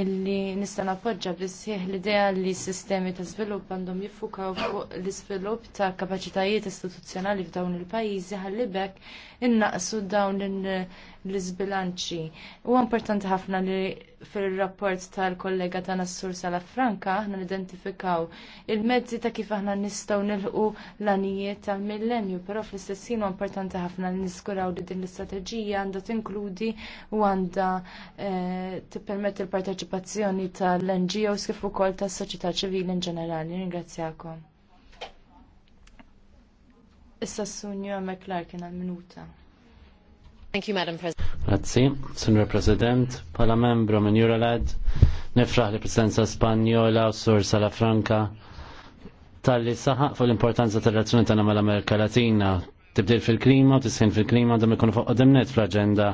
illi nista' napoġġa bissieħ l-idea li s-sistemi ta' żvilupp għandhom jiffukaw fuq l-iżvilupp ta' kapaċitajiet istituzzjonali f'dawn il-pajjiżi ħallibek innaqsu dawn l-izbilanċi. Huwa importanti ħafna li fil-rapport tal-kollega tagħna Sur Sala Franka aħna nidentifikaw il-mezzi ta' kif aħna nistgħu nilħu l-anijiet tal-millenju, però fl-istess ħin importanti ħafna li niskuraw li din l-istrateġija għandha tinkludi u għandha eh, tippermetti l-parteċipazzjoni tal-NGOs kif ukoll tas-soċjetà ċivili in ġenerali. Ringrazzjakom. Issa s-sunju għamek l-arkin għal-minuta. Thank you, Madam President. Grazzi, Sinur President, pala membru minn Euroled, nifraħ li Presenza Spanjola u Sur Sala Franca tal-li saħaq fuq l-importanza tal-razzjoni tagħna mal-Amerika Latina, tibdil fil-klima u tisħin fil-klima għandhom ikunu fuq qodemnet fl-aġenda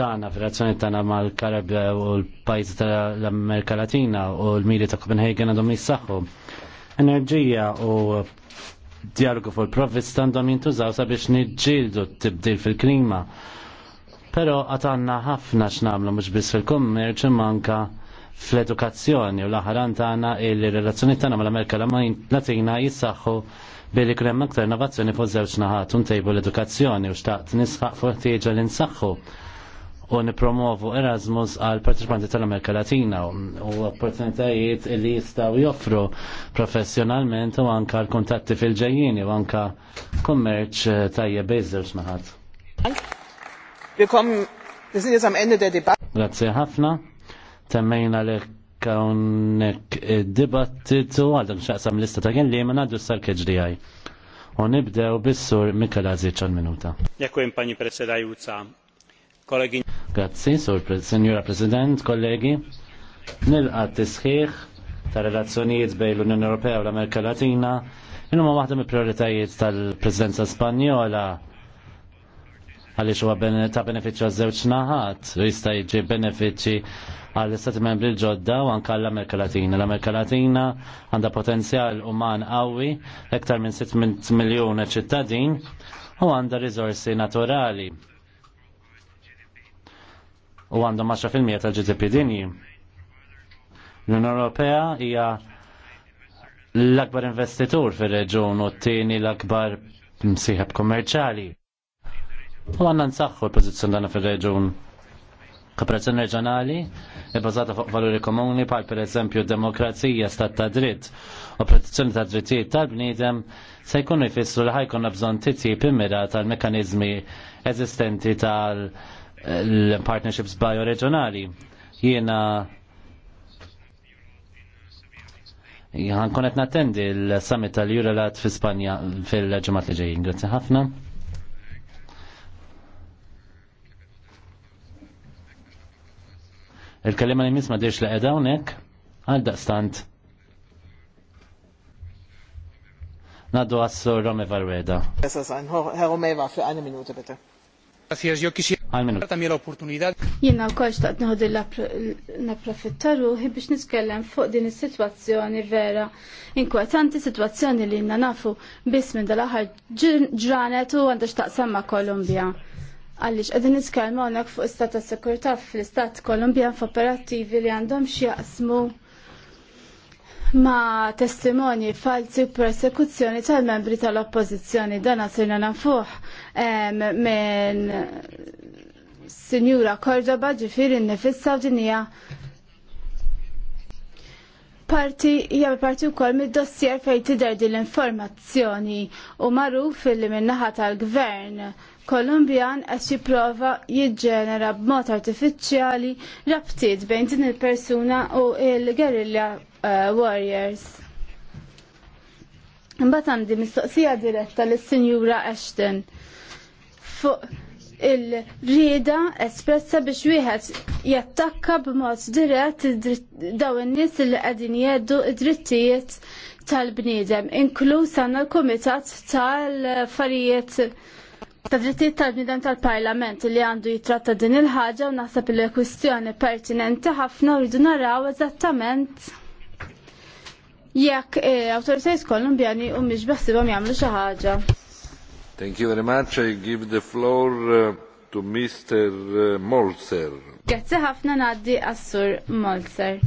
tagħna fir-razzjoni tagħna mal-Karabja u l-pajjiżi tal-Amerika Latina u l-miri ta' Copenhagen għandhom jissaħħu. Enerġija u dialogu fuq il-profit standom jintużaw sabiex niġġieldu t-tibdil fil-klima. Pero għatanna ħafna x'namlu mhux biss fil-kummerċ manka fl-edukazzjoni u l-aħran tagħna il-relazzjoni tagħna mal-Amerika Latina jissaħħu billi kien hemm aktar innovazzjoni fuq żewġ naħat u ntejbu l-edukazzjoni u xtaqt nisħaq fuq ħtieġa li nsaħħu u nipromovu Erasmus għal partiċipanti tal-Amerika Latina u opportunitajiet li jistaw joffru professjonalment u anka l-kontatti fil-ġejjini u anka kummerċ tajje bizzers maħat. Grazie ħafna. Temmejna li kawnek dibattitu għadam xaqsam lista ta' kelli ma naddu sal-keġri għaj. U nibdew bis-sur Mikala Zicċa minuta. Dziękuję pani predsedajúca. Kolegin. Grazzi, Signora President, kollegi. Nilqa t-tisħiħ ta' relazzjonijiet bejn l-Unjoni Ewropea u l-Amerika Latina. ma waħda mill-prioritajiet tal-Presidenza Spanjola għaliex huwa ta' benefiċċju għaż-żewġ naħat, jista' jiġi benefiċċji għall istati membri l-ġodda u anke l-Amerika Latina. L-Amerika Latina għandha potenzjal uman qawwi, iktar minn 6 miljon ċittadin u għandha riżorsi naturali u għandhom 10% tal-GDP dinji. L-Unjoni Ewropea hija l-akbar investitur fir-reġun u t-tieni l-akbar msieħeb kommerċali. U għandna nsaħħu l pożizzjoni tagħna fir reġun Kooperazzjoni reġjonali e fuq valuri komuni bħal pereżempju demokrazija, stat ta' dritt u protezzjoni ta' drittijiet tal-bniedem se jkunu jfissru li ħajkun bżonn titjib immira tal mekkaniżmi eżistenti tal-, -mekanizmi l-partnerships bioregionali. Jiena Għan konet natendi l-summit tal-Jurelat fi Spanja fil-ġemat li ġejjin. Grazie ħafna. Il-kalima li misma dirx li edha unek, għal daqstant. Naddu għassu Romeva Reda. Herr Romeva, fi għani minuti bitte. Gracias, yo quisiera Jena u kol xtaqt nħod il-naprofittaru biex niskellem fuq din is-sitwazzjoni vera inkwetanti, sitwazzjoni li jina nafu biss minn dal ħar ġranet u għandax taqsam ma' Kolumbja. Għallix, għedin niskellem għonek fuq istat ta' sekurta fl-istat Kolumbja f'operattivi li għandhom jaqsmu ma testimoni falsi u persekuzzjoni tal-membri tal-oppozizjoni dan sejna nafuħ minn Sinjura Kordoba ġifiri nifissa dinija parti jgħab parti wkoll mid-dossier fejn tidher din l-informazzjoni u fil li min-naħa tal-gvern Kolumbjan qed jipprova jiġġenera b'mod artifiċjali rabtiet bejn din il-persuna u il-guerrilla uh, warriors. Imbagħad għandi mistoqsija diretta lis-Sinjura Ashton fuq il-rieda espressa biex wieħed jattakka b'mod dirett daw in-nies li qegħdin jgħeddu id-drittijiet tal-bniedem, inkluż għandna l-Kumitat tal-Affarijiet ta' drittijiet tal-bniedem tal-Parlament li għandu jitratta din il-ħaġa u naħseb il kwistjoni pertinenti ħafna u rridu naraw eżattament jekk eh, awtoritajiet Kolumbjani u mhix baħsibhom jagħmlu xi ħaġa. Thank you very much. I give the floor eh, to Mr. Eh, Molzer. Grazzi ħafna naddi għas-Sur Molzer.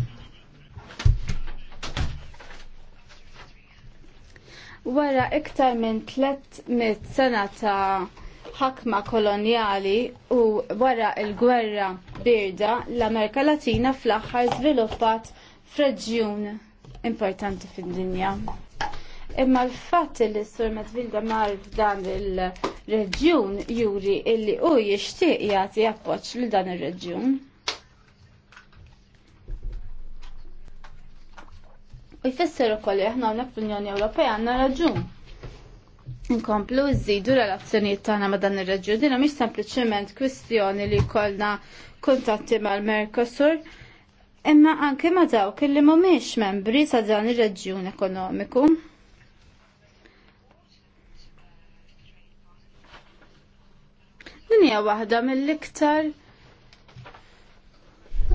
Wara iktar minn 300 sena ta' ħakma koloniali u wara il-gwerra birda l-Amerika Latina fl-aħħar żviluppat f'reġjun importanti fid-dinja. Imma l-fatt li s-sur Medvilda mar f'dan il-reġjun juri illi u jixtieq jagħti appoġġ lil dan ir-reġjun. U jfisser ukoll li aħna hawnhekk fl-Unjoni Ewropea għandna raġun nkomplu nżidu relazzjonijiet tagħna ma' dan ir-reġjun. Dinha mhix sempliċement kwistjoni li jkollna kuntatti mal-Mercosur, imma anke ma' dawk li mhumiex membri ta' dan ir-reġjun ekonomiku. Din hija waħda mill-iktar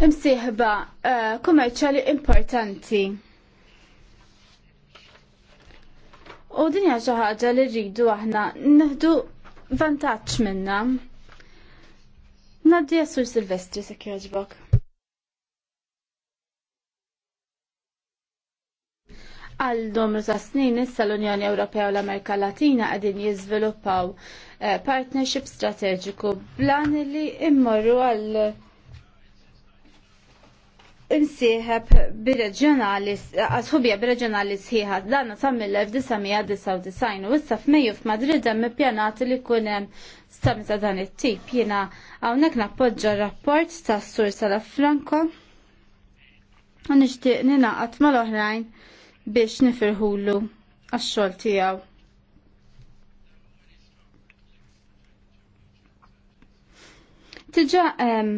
imsieħba eh, kummerċjali importanti U din hija xi ħaġa li rridu aħna neħdu vantaġġ minnha. Naddi Sur Silvestri se jogħġbok. Għal domru ta' snin issa l-Unjoni Ewropea u l-Amerika Latina qegħdin jiżviluppaw eh, partnership strateġiku blan li immorru għal imsieħeb bir-reġjonali, għasħubija bir-reġjonali sħiħa, dan sa' 1999 u issa f'Mejju f'Madrid hemm ippjanat li jkun hemm ta' dan it-tip. Jiena hawnhekk nappoġġa rapport ta' Sur Sala Franco u nixtieq ninaqat mal-oħrajn biex nifirħulu għax-xogħol tiegħu. Tiġa ehm,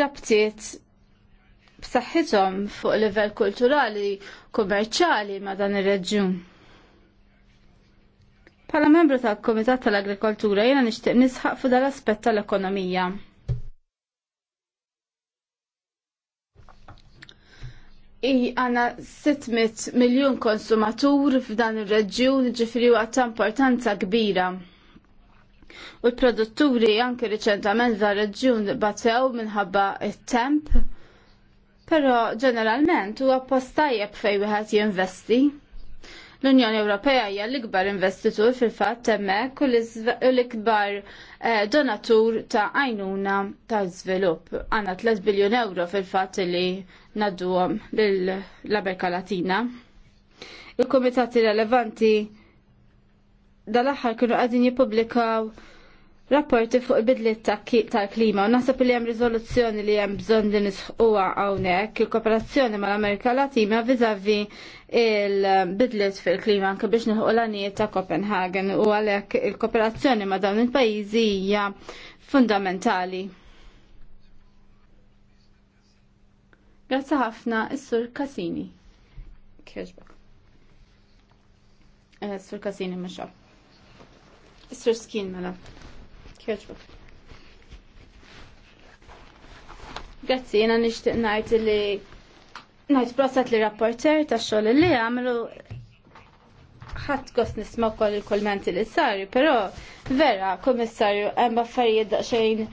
rabtiet b'saħħithom fuq livell kulturali, kummerċali ma' dan ir-reġjun. Pala membru tal Komitat tal-Agrikoltura jena nixtieq nisħaq fuq dal-aspett tal-ekonomija. I għana 600 miljon konsumatur f'dan ir-reġjun ġifri ta' importanza kbira. U l-produtturi anke riċentament da' reġjun batew minħabba it-temp Però ġeneralment huwa post tajjeb fejn wieħed jinvesti. L-Unjoni Ewropea hija l-ikbar investitur fil-fatt hemmhekk u l-ikbar eh, donatur ta' għajnuna ta' żvilupp. Għandna 3 biljun euro fil-fatt li nadduhom lill-Amerika Latina. Il-komitati relevanti dal-aħħar kienu qegħdin jippubblikaw rapporti fuq il-bidliet tal-klima u nasab li hemm rizoluzzjoni li hemm bżonn li nisħuha hawnhekk il-kooperazzjoni mal-Amerika Latina viżavi il-bidliet fil-klima anke biex nilħu l-għaniet ta' Copenhagen u għalhekk il-kooperazzjoni ma' dawn il-pajjiżi hija fundamentali. Grazzi ħafna is-Sur Casini. Kieġbak. Eh, Sur Casini mhux. Is-Sur Skin mela. Ketchup. Grazzi, jena nishtiq najt li najt prosat li rapporter ta' xoll li għamlu ħadd gost nisma' wkoll il kolmenti li s-sari, però vera, komissarju, hemm affarijiet daqsxejn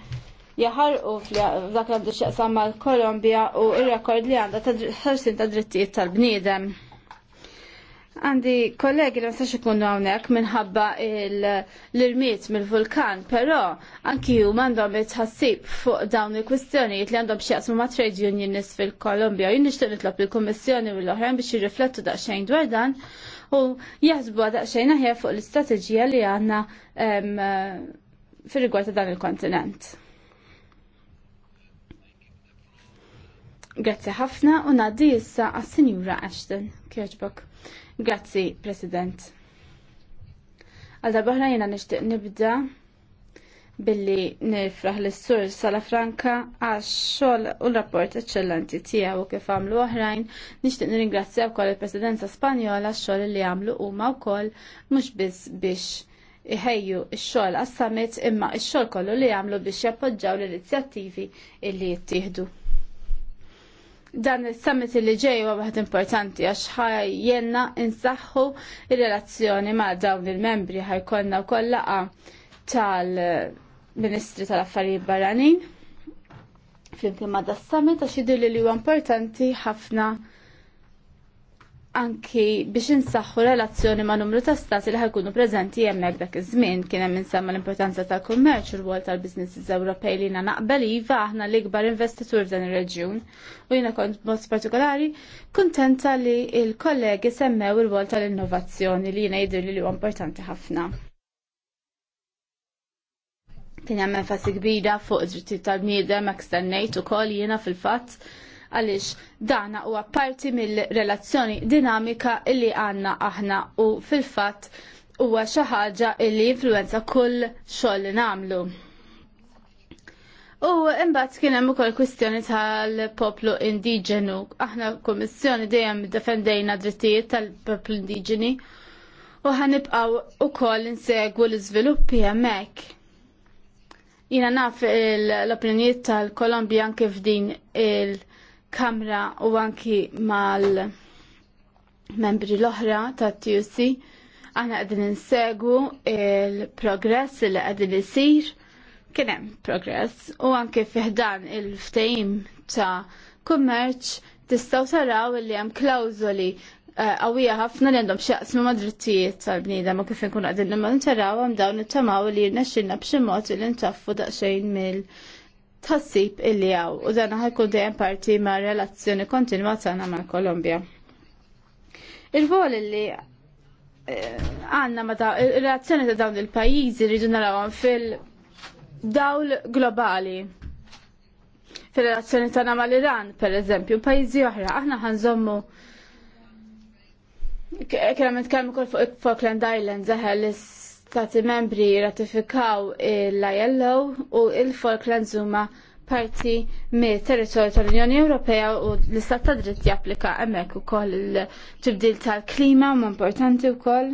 jaħarqu f'dak li għandu x'jaqsam mal kolombia u ir-rekord li għandha ta' ħarsin ta' drittijiet tal-bniedem. Għandi kollegi li nistax ikunu hawnhekk minħabba l-irmiet mill-vulkan, però anki huma it itħassib fuq dawn il-kwistjonijiet li għandhom x'jaqsmu ma' trade unionist fil-Kolombja. Jien nixtieq nitlob il-Kummissjoni u l-oħrajn biex jirriflettu daqsxejn dwar dan u jaħsbu daqsxejn aħjar fuq l-istrateġija li għandna fir-rigward ta' dan il-kontinent. Grazzi ħafna u ngħaddi issa għas-Sinjura Ashton. Kieġbok. Grazzi, President. Għal darbaħra jena nishtiq nibda billi nifraħ l-sur Sala Franka għax xol u l-rapport eccellenti tiegħu kif għamlu oħrajn, nixtieq nirringrazzja wkoll il-Presidenza Spanjola x-xogħol li għamlu huma wkoll mhux biss biex iħejju x-xogħol għas-summit imma x-xogħol kollu li għamlu biex jappoġġaw l-inizjattivi illi jittieħdu dan il-summit li ġej huwa waħed importanti għax ħajjenna insaħħu ir-relazzjoni ma' dawn il-membri ħajkollna wkoll laqa tal-Ministri tal-Affarijiet Barranin flimkien ma' das-summit għax jidhirli li huwa importanti ħafna anki biex insaħħu relazzjoni ma' numru ta' stati li ħajkunu preżenti hemmhekk dak iż-żmien kien hemm insemma l-importanza tal-kummerċ u l-wol tal-businesses Ewropej li na naqbel iva aħna l-ikbar investitur f'dan ir-reġjun u jiena kont mod partikolari kuntenta li l-kollegi semmew il-wol tal-innovazzjoni li jiena jidher li huwa importanti ħafna. Kien hemm enfasi kbira fuq id-drittijiet tal-bniedem hekk ukoll jiena fil-fatt għaliex dana huwa parti mill-relazzjoni dinamika li għandna aħna u fil-fatt huwa xi ħaġa li influenza kull xogħol li nagħmlu. U imbagħad kien hemm ukoll kwistjoni tal-poplu indiġenu. Aħna kummissjoni dejjem defendejna drittijiet tal-poplu indiġeni u ħanibqgħu ukoll insegwu l-iżviluppi hemmhekk. Jiena naf l opinjoniet tal-Kolombja kif din il- kamra u anki mal-membri l-oħra ta' TUC aħna qegħdin insegu il-progress li qegħdin isir kien hemm progress u anke fiħdan il-ftehim ta' kummerċ tistgħu taraw li hemm klawżoli għawija eh, ħafna li għandhom xaqsmu ma' drittijiet tal bnida ma' kif nkun għadin imma nitaraw għam dawn it-tamaw li jirnexxilna b'xi mod li ntaffu daqsxejn mill- tassib illi għaw u dan ħajkun dejjem parti ma' relazzjoni kontinwa tagħna mal Kolombja. Il-vol illi eh, għanna ma ta' relazzjoni ta' dawn il-pajjiżi rridu narawhom fil-dawl globali fil-relazzjoni tagħna mal-Iran, per eżempju, pajjiżi oħra, aħna ħanżommu Kena nitkellmu kol fuq Falkland Islands, eħel stati membri ratifikaw l-ILO u il-Falklands huma parti me territorju tal-Unjoni Ewropea u l-istat ta' dritt japplika hemmhekk ukoll il-tibdil tal-klima huma importanti wkoll.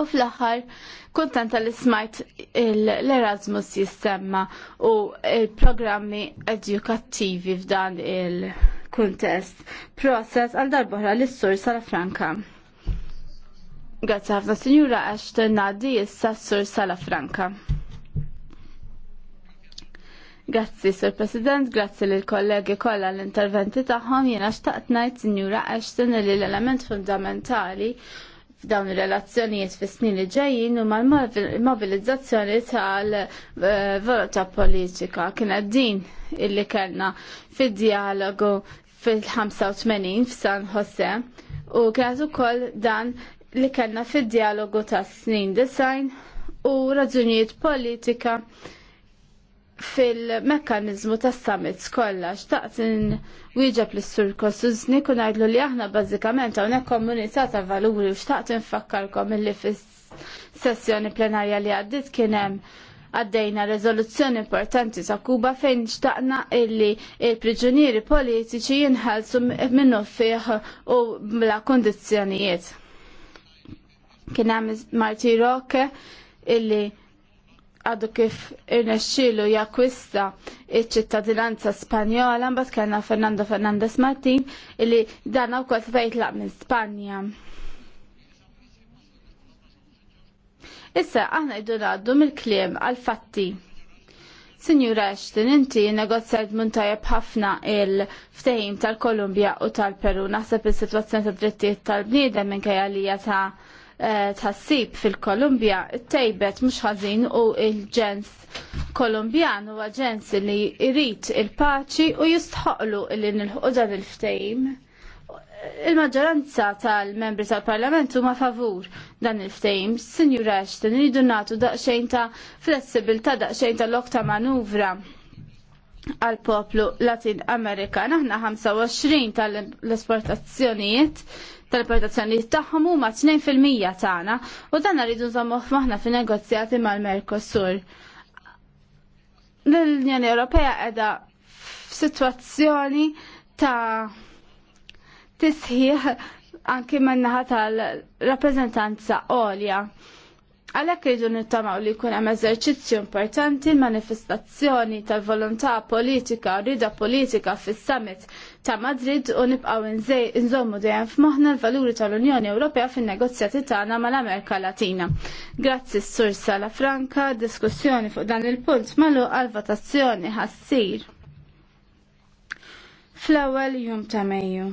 U fl-aħħar kuntant li smajt l-Erasmus jistemma u il-programmi edukattivi f'dan il-kuntest. process għal darbohra l-sur sal-Franka. Grazie ħafna Sinjura Ashton Nadi issa Sur Sala Franka. Grazzi Sur President, grazzi lil kollegi kollha l-interventi tagħhom jiena xtaqt ngħid Sinjura Ashton li l-element fundamentali f'dawn ir-relazzjonijiet fis-snin li ġejjin huma l-mobilizzazzjoni tal-volontà politika. Kienet din illi kellna fid-dialogu fil-85 f'San Jose u kienet ukoll dan li kellna fid-dialogu ta' snin design u raġunijiet politika fil-mekkanizmu ta' summits kollha xtaqt wieġeb lis sur Kosuzni kun għajdlu li aħna bażikament hawnhekk komunità ta' valuri u xtaqt infakkarkom illi fis-sessjoni plenarja li għaddit kien hemm għaddejna rezoluzzjoni importanti sa' Kuba fejn xtaqna illi il-priġunieri politiċi jinħalsu minnu fih u bla kundizzjonijiet. Kien hemm Marti Rock illi għadu kif irnexxielu jakwista iċ-ċittadinanza Spanjola, mbagħad kellna Fernando Fernandez Martin illi dan wkoll se jitlaq minn Spanja. Issa aħna jdu ngħaddu mill-kliem għal-fatti. Sinjura Ashton, inti negozjajt mun tajab ħafna il-ftehim tal-Kolumbja u tal-Peru. Naħseb il-situazzjoni ta' drittijiet tal-bniedem minn kajalija ta' Eh, tassib fil-Kolumbja tejbet mhux ħażin u il-ġens Kolumbjan huwa ġens li jrid il-paċi u jistħoqlu li nilħu dan il-ftejm. Il-maġġoranza tal-membri tal-Parlament huma favur dan il-ftejm. Sinjura Ashton iridu nagħtu daqsxejn ta' flessibilta, daqsxejn ta' lokta manuvra għal poplu Latin Amerika. Aħna 25 tal-esportazzjonijiet tal-importazzjoni tagħhom huma 2% tagħna u dan rridu nżommuh f'maħna fin-negozjati mal-Mercosur. L-Unjoni Ewropea qiegħda f'sitwazzjoni ta' tisħiħ anki minnaħa tal rappreżentanza olja. Għalhekk rridu nittamaw li jkun hemm eżerċizzju importanti manifestazzjoni tal-volontà politika, rida politika fis-summit ta' Madrid u nibqaw nżommu dejjem f'moħħna l-valuri tal-Unjoni Ewropea fin-negozjati tagħna mal-Amerika Latina. Grazzi s-Sur Sala Franka, diskussjoni fuq dan il-punt malu għal-votazzjoni ħassir. Fl-ewwel jum ta' Mejju.